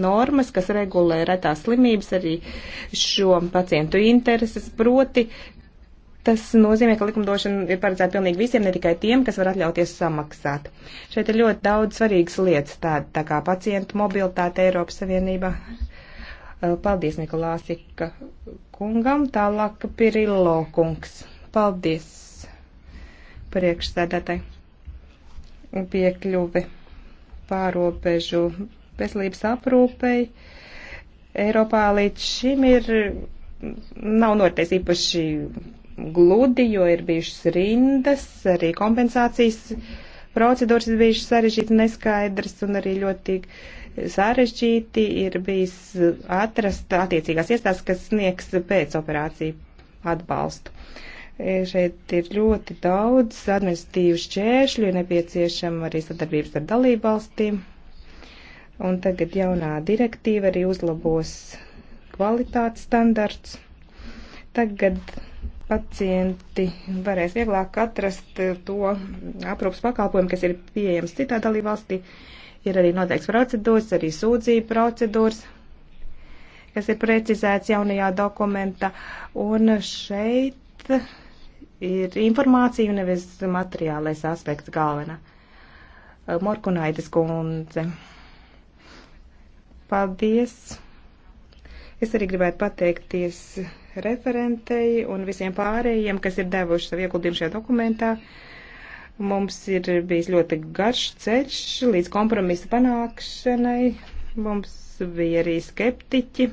[SPEAKER 2] normas, kas regulē retās slimības, arī šo pacientu intereses. Proti, tas nozīmē, ka likumdošana ir paredzēta pilnīgi visiem, ne tikai tiem, kas var atļauties samaksāt. Šeit ir ļoti daudz svarīgas lietas, tāda tā kā pacientu mobilitāte Eiropas Savienībā. Paldies Nikolāsika kungam, tālāk Pirillo kungs. Paldies priekšsēdētāji piekļuvi pārobežu veselības aprūpei Eiropā līdz šim ir, nav noritējis īpaši gludi, jo ir bijušas rindas, arī kompensācijas procedūras ir bijušas sarežģītas, neskaidras un arī ļoti sarežģīti ir bijis atrast attiecīgās iestādes, kas sniegs pēcoperāciju atbalstu. E, šeit ir ļoti daudz administratīvu šķēršļu, nepieciešama arī sadarbības ar dalību valstīm. Un tagad jaunā direktīva arī uzlabos kvalitātes standarts. Tagad pacienti varēs vieglāk atrast to aprūpas pakalpojumu, kas ir pieejams citā dalībvalstī. Ir arī noteikts procedūras, arī sūdzību procedūras, kas ir precizēts jaunajā dokumenta. Un šeit ir informācija un nevis materiālais aspekts galvenā. Morkunaitis kundze. Un... Paldies! Es arī gribētu pateikties referentei un visiem pārējiem, kas ir devuši savu ieguldījumu šajā dokumentā. Mums ir bijis ļoti garš ceļš līdz kompromisa panākšanai. Mums bija arī skeptiķi,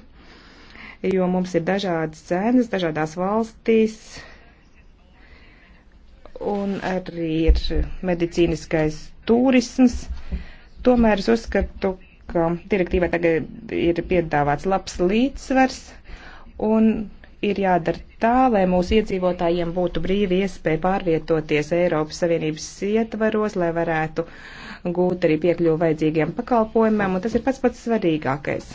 [SPEAKER 2] jo mums ir dažādas cenas dažādās valstīs. Un arī ir medicīniskais turisms. Tomēr es uzskatu, ka direktīvā tagad ir piedāvāts labs līdzsvers un ir jādara tā, lai mūsu iedzīvotājiem būtu brīvi iespēja pārvietoties Eiropas Savienības ietvaros, lai varētu gūt arī piekļuvu vajadzīgiem pakalpojumiem, un tas ir pats pats svarīgākais.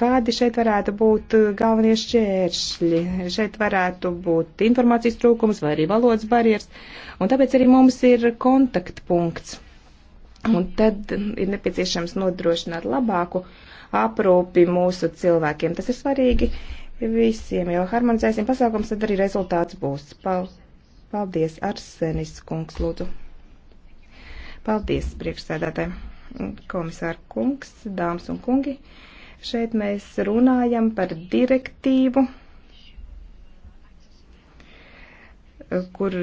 [SPEAKER 2] Kādi šeit varētu būt galvenie šķēršļi? Šeit varētu būt informācijas trūkums vai arī valodas barjeras, un tāpēc arī mums ir kontaktpunkts Un tad ir nepieciešams nodrošināt labāku aprūpi mūsu cilvēkiem. Tas ir svarīgi visiem, jo harmonizēsim pasākums, tad arī rezultāts būs. Paldies, Arsenis kungs, lūdzu. Paldies, priekšsēdētāji. Komisāra kungs, dāmas un kungi. Šeit mēs runājam par direktīvu, kur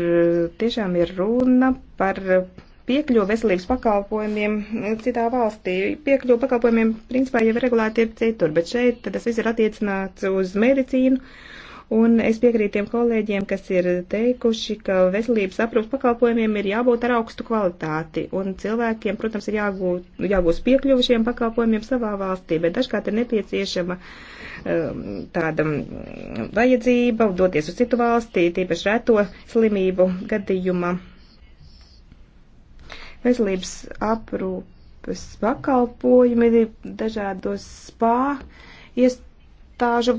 [SPEAKER 2] tiešām ir runa par piekļuvu veselības pakalpojumiem citā valstī. Piekļuvu pakalpojumiem principā jau ir regulēti citur, bet šeit tas viss ir attiecināts uz medicīnu. Un es piekrītu tiem kolēģiem, kas ir teikuši, ka veselības aprūpas pakalpojumiem ir jābūt ar augstu kvalitāti. Un cilvēkiem, protams, ir jāgū, jāgūst piekļuvi šiem pakalpojumiem savā valstī, bet dažkārt ir nepieciešama um, tāda mm, vajadzība doties uz citu valstī, tīpaši reto slimību gadījumā veselības aprūpes pakalpojumi dažādos spā iestāžu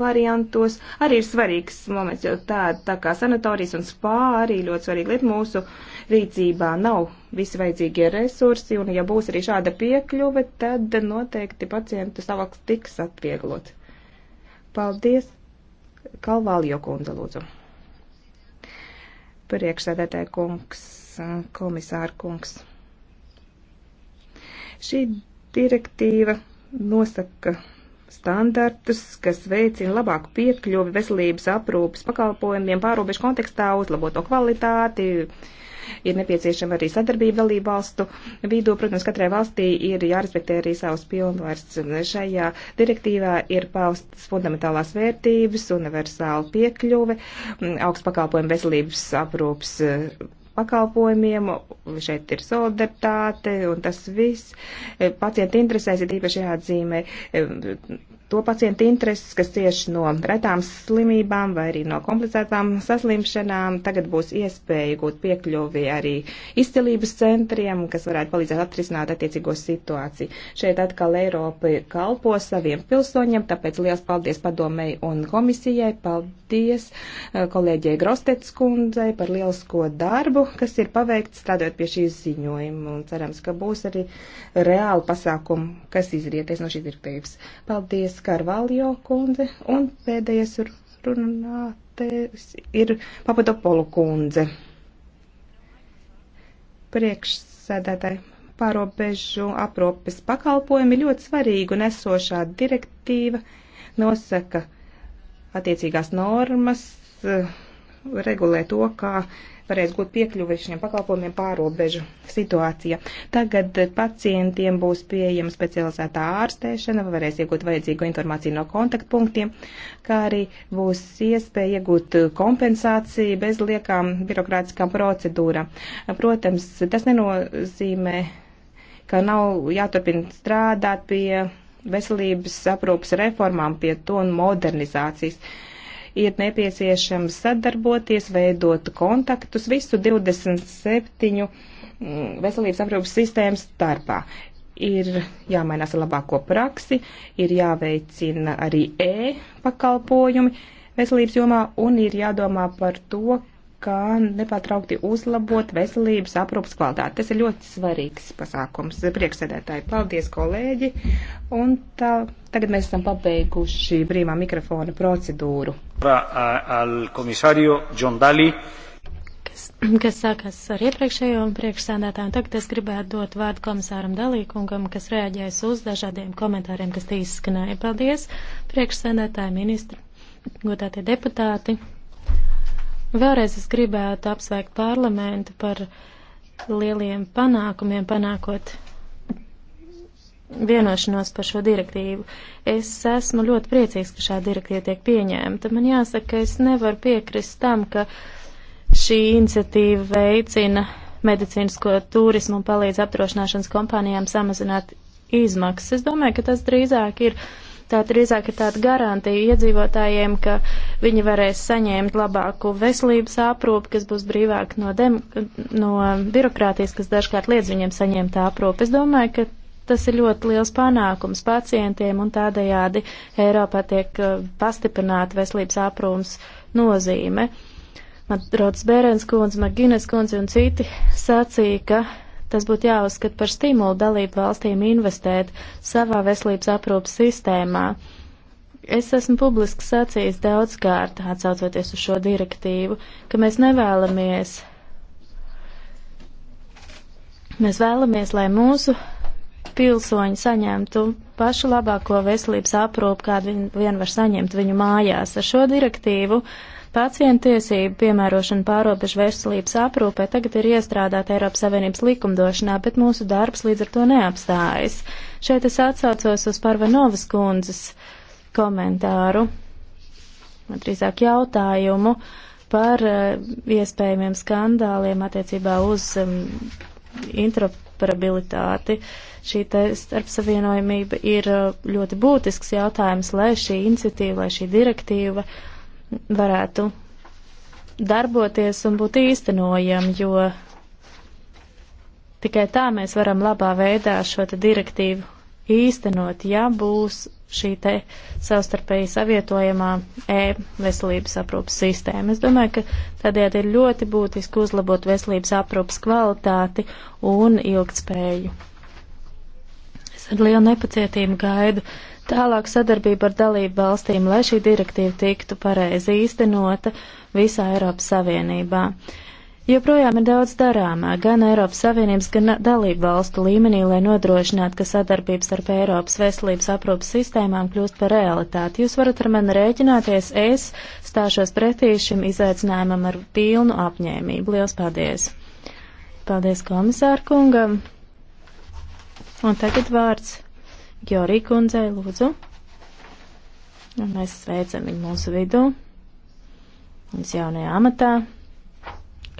[SPEAKER 2] variantos. Arī ir svarīgs moments, jo tā, tā kā sanatorijas un spā arī ļoti svarīga lieta mūsu rīcībā nav visi vajadzīgie resursi, un ja būs arī šāda piekļuve, tad noteikti pacientu stāvoklis tiks atvieglot. Paldies! Kalvālijo kundze, lūdzu. Priekšsēdētāja kungs komisāra kungs. Šī direktīva nosaka standartus, kas veicina labāku piekļuvi veselības aprūpas pakalpojumiem pārobežu kontekstā, uzlaboto kvalitāti, ir nepieciešama arī sadarbība dalību valstu vidū. Protams, katrai valstī ir jārespektē arī savas pilnvars. Šajā direktīvā ir paustas fundamentālās vērtības, universāla piekļuve, augsts pakalpojumu veselības aprūpas pakalpojumiem, šeit ir solidaritāte un tas viss. Eh, Pacienta interesēs ir īpaši jāatzīmē eh, to pacientu intereses, kas cieši no retām slimībām vai arī no komplicētām saslimšanām. Tagad būs iespēja gūt piekļuvi arī izcilības centriem, kas varētu palīdzēt atrisināt attiecīgo situāciju. Šeit atkal Eiropa kalpo saviem pilsoņiem, tāpēc liels paldies padomei un komisijai. Paldies eh, kolēģei Grostets kundzei par lielisko darbu, kas ir paveikts strādājot pie šīs ziņojuma. Un cerams, ka būs arī reāli pasākumi, kas izrieties no šīs direktīvas. Paldies! Paldies, Karvaljo kundze, un pēdējais runātājs ir Papadopolu kundze. Priekšsēdētāji pārobežu apropes pakalpojumi ļoti svarīgi un esošā direktīva nosaka attiecīgās normas, regulē to, kā varēs būt piekļuvi šiem pakalpojumiem pārobežu situācija. Tagad pacientiem būs pieejama specializētā ārstēšana, varēs iegūt vajadzīgo informāciju no kontaktpunktiem, kā arī būs iespēja iegūt kompensāciju bez liekām birokrātiskām procedūrām. Protams, tas nenozīmē, ka nav jāturpina strādāt pie veselības aprūpas reformām, pie to modernizācijas. Uh, ir nepieciešams sadarboties, veidot kontaktus visu 27 mm, veselības aprūpas sistēmas starpā. Ir jāmainās ar labāko praksi, ir jāveicina arī e-pakalpojumi veselības jomā un ir jādomā par to, kā nepārtraukti uzlabot veselības aprūpas kvalitāti. Tas ir ļoti svarīgs pasākums. Prieksēdētāji, paldies, kolēģi. Un tā, tagad mēs esam pabeiguši brīvā mikrofona procedūru. Al komisāriju John Daly
[SPEAKER 5] kas, kas sākas ar iepriekšējo un priekšsēdētāju. Tagad es gribētu dot vārdu komisāram Dalīkungam, kas reaģēs uz dažādiem komentāriem, kas te izskanēja. Paldies, priekšsēdētāji, ministri, godātie deputāti. Vēlreiz es gribētu apsveikt parlamentu par lieliem panākumiem, panākot vienošanos par šo direktīvu. Es esmu ļoti priecīgs, ka šā direktīva tiek pieņēmta. Man jāsaka, ka es nevaru piekrist tam, ka šī iniciatīva veicina medicīnisko turismu un palīdz apdrošināšanas kompānijām samazināt izmaksas. Es domāju, ka tas drīzāk ir uh, Tā drīzāk ir tāda garantija iedzīvotājiem, ka viņi varēs saņemt labāku veselības aprūpi, kas būs brīvāk no, dem, no birokrātijas, kas dažkārt liedz viņiem saņemt aprūpi. Es domāju, ka tas ir ļoti liels panākums pacientiem un tādējādi Eiropā tiek uh, pastiprināta veselības aprūpas nozīme. Man Rods Bērens kundze, Magines kundze un citi sacīja, ka Tas būtu jāuzskata par stimulu dalību valstīm investēt savā veselības aprūpas sistēmā. Es esmu publiski sacījis daudzkārt, atsaucoties uz šo direktīvu, ka mēs nevēlamies, mēs vēlamies, lai mūsu pilsoņi saņemtu pašu labāko veselības aprūpu, kādu viņi vien var saņemt viņu mājās. Ar šo direktīvu uh, Pacienta tiesību piemērošana pārobežu veselības aprūpē tagad ir iestrādāta Eiropas Savienības likumdošanā, bet mūsu darbs līdz ar to neapstājas. Šeit es atsaucos uz Parvanovas kundzes komentāru, drīzāk jautājumu par eh, iespējamiem skandāliem attiecībā uz um, interoperabilitāti. Šī starpsavienojumība ir eh, ļoti būtisks jautājums, lai šī iniciatīva, lai šī direktīva uh, varētu darboties un būt īstenojami, jo tikai tā mēs varam labā veidā šo direktīvu īstenot, ja būs šī te savstarpēji savietojamā e-veselības aprūpas sistēma. Es domāju, ka tādējādi ir ļoti būtiski uzlabot veselības aprūpas kvalitāti un ilgtspēju. Es ar lielu nepacietību gaidu Tālāk sadarbība ar dalību valstīm, lai šī direktīva tiktu pareizi īstenota visā Eiropas Savienībā. Joprojām ir daudz darāmā gan Eiropas Savienības, gan dalību valstu līmenī, lai nodrošinātu, ka sadarbības starp Eiropas veselības aprūpas sistēmām kļūst par realitāti. Jūs varat ar mani rēķināties, es stāšos pretī šim izaicinājumam ar pilnu apņēmību. Lielas paldies! Paldies komisārkungam! Un tagad vārds Gjorī kundzei, lūdzu. Un mēs sveicam viņu mūsu vidū, viņas jaunajā amatā,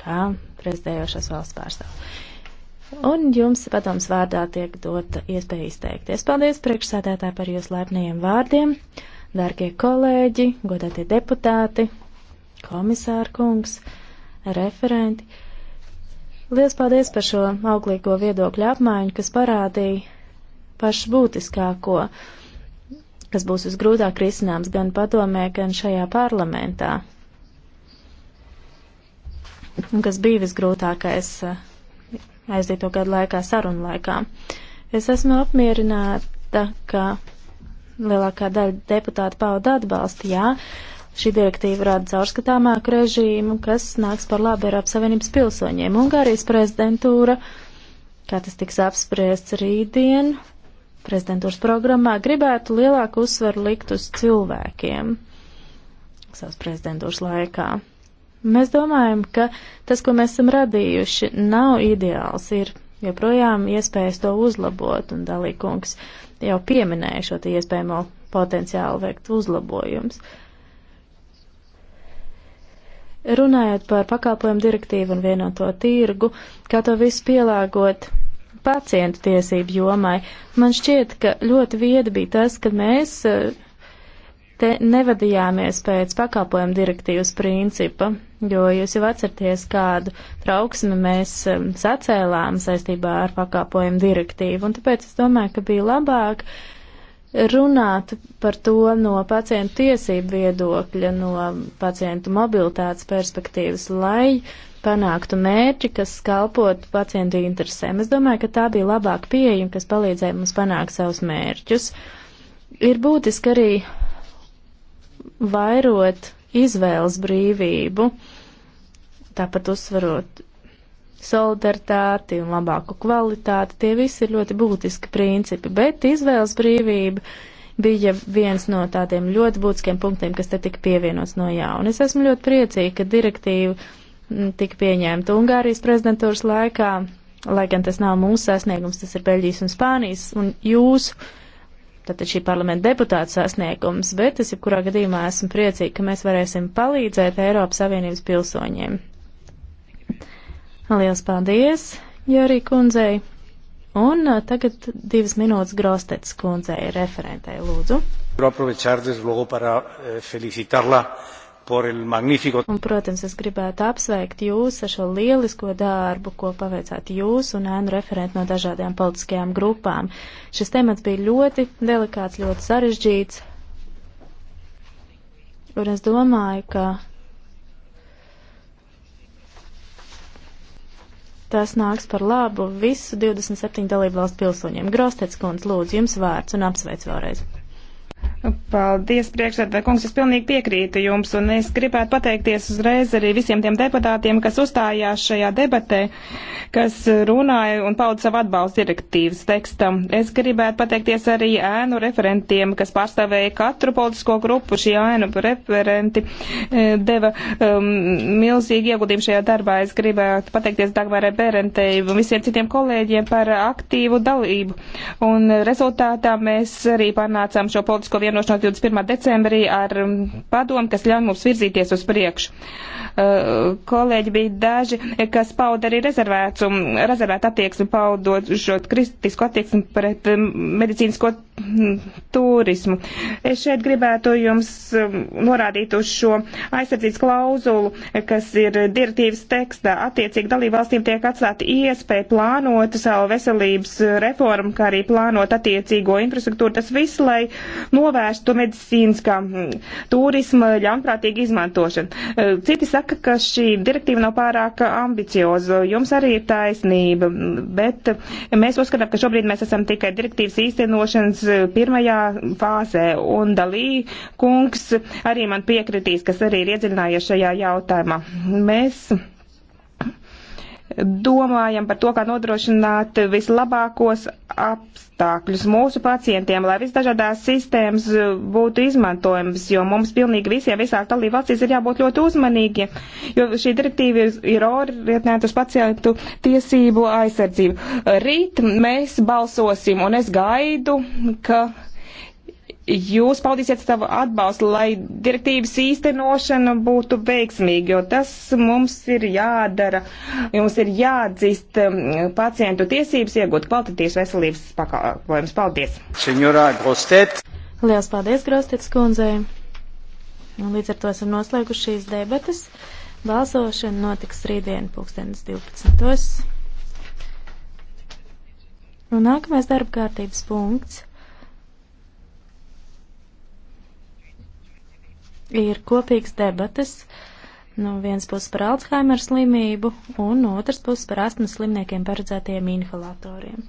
[SPEAKER 5] kā prezidējošās valsts pārstāvs. Un jums padoms vārdā tiek dota iespēja izteikties. Paldies priekšsēdētāji par jūsu laipnajiem vārdiem, dārgie kolēģi, godātie deputāti, komisārkungs, referenti. Liels paldies par šo auglīgo viedokļu apmaiņu, kas parādīja, pašu būtiskāko, kas būs visgrūtāk risināms gan padomē, gan šajā parlamentā. Un kas bija visgrūtākais eh, aizdīto gadu laikā sarunu laikā. Es esmu apmierināta, ka lielākā daļa deputāta pauda atbalstu, jā, šī direktīva rada caurskatāmāku režīmu, kas nāks par labu Eiropas Savienības pilsoņiem. Ungārijas prezidentūra, kā tas tiks apspriests rītdien, prezidentūras programmā gribētu lielāku uzsvaru likt uz cilvēkiem savas prezidentūras laikā. Mēs domājam, ka tas, ko mēs esam radījuši, nav ideāls, ir joprojām iespējas to uzlabot, un dalīkungs jau pieminēja šo te iespējamo potenciālu veikt uzlabojums. Runājot par pakalpojumu direktīvu un vienoto tirgu, kā to visu pielāgot pacientu tiesību jomai. Man šķiet, ka ļoti viedi bija tas, ka mēs eh, te nevadījāmies pēc pakalpojuma direktīvas principa, jo jūs jau atcerties, kādu trauksmi mēs eh, sacēlām saistībā ar pakalpojumu direktīvu, un tāpēc es domāju, ka bija labāk runāt par to no pacientu tiesību viedokļa, no pacientu mobilitātes perspektīvas, lai uh, panāktu mērķi, kas kalpot pacientu interesēm. Es domāju, ka tā bija labāka pieeja, kas palīdzēja mums panākt savus mērķus. Ir būtiski arī vairot izvēles brīvību, tāpat uzsvarot solidaritāti un labāku kvalitāti. Tie visi ir ļoti būtiski principi, bet izvēles brīvība bija viens no tādiem ļoti būtiskiem punktiem, kas te tika pievienots no jauna. Es esmu ļoti priecīga, ka direktīva tika pieņemta Ungārijas prezidentūras laikā, lai gan tas nav mūsu sasniegums, tas ir Beļģijas un Spānijas un jūsu, tātad šī parlamenta deputāta sasniegums, bet es jebkurā gadījumā esmu priecīgi, ka mēs varēsim palīdzēt Eiropas Savienības pilsoņiem. Liels paldies, Jārī kundzei! Un uh, tagad divas minūtes Grostets kundzei referentei, lūdzu. Quiero aprovechar desde luego para eh, felicitarla Un, protams, es gribētu apsveikt jūs ar šo lielisko darbu, ko paveicāt jūs un ēnu referenti no dažādajām politiskajām grupām. Šis temats bija ļoti delikāts, ļoti sarežģīts. Un es domāju, ka tas nāks par labu visu 27 dalību valstu pilsoņiem. Grostec kundz, lūdzu, jums vārds un apsveic vēlreiz. Paldies,
[SPEAKER 2] priekšsēdētāj, kungs, es pilnīgi piekrītu jums, un es gribētu pateikties uzreiz arī visiem tiem deputātiem, kas uzstājās šajā debatē, kas runāja un pauda savu atbalstu direktīvas tekstam. Es gribētu pateikties arī ēnu referentiem, kas pārstāvēja katru politisko grupu. Šī ēnu referenti eh, deva um, milzīgi ieguldījumu šajā darbā. Es gribētu pateikties Dagmarai Berentei un visiem citiem kolēģiem par aktīvu dalību. Un rezultātā mēs arī panācām šo politisko politisko vienošanos 21. decembrī ar um, padomu, kas ļauj mums virzīties uz priekšu. Uh, kolēģi bija daži, kas pauda arī rezervētu attieksmi, paudot šo kritisku attieksmi pret um, medicīnisko mm, turismu. Es šeit gribētu jums um, norādīt uz šo aizsardzības klauzulu, kas ir direktīvas tekstā. Attiecīgi dalībvalstīm tiek atstāta iespēja plānot savu veselības reformu, kā arī plānot attiecīgo infrastruktūru. Tas viss, lai no novērstu medicīniskā mm, turisma ļaunprātīgu izmantošanu. E, citi saka, ka šī direktīva nav pārāk ambicioza. Jums arī ir taisnība, bet mēs uzskatām, ka šobrīd mēs esam tikai direktīvas īstenošanas e, pirmajā fāzē. Un Dalī kungs arī man piekritīs, kas arī ir iedziļinājies šajā jautājumā. Mēs domājam par to, kā nodrošināt vislabākos apstākļus mūsu pacientiem, lai visdažādās sistēmas būtu izmantojams, jo mums pilnīgi visiem visās dalību valstīs ir jābūt ļoti uzmanīgi, jo šī direktīva ir, ir orientēta uz pacientu tiesību aizsardzību. Rīt mēs balsosim, un es gaidu, ka jūs paudīsiet savu atbalstu, lai direktīvas īstenošana būtu veiksmīga, jo tas mums ir jādara. Jums ir jāatzīst um, pacientu tiesības iegūt kvalitatīvas
[SPEAKER 5] veselības pakalpojumus. Paldies!
[SPEAKER 2] Senjorā Grostet!
[SPEAKER 5] Lielas paldies, Grostets kundzei! Līdz ar to esam noslēguši šīs debatas. Balsošana notiks rītdien, pulkstenes 12. Un nākamais darba kārtības punkts. ir kopīgs debates. No nu, vienas puses par Alzheimer slimību un no otras puses par astmas slimniekiem paredzētajiem inhalatoriem.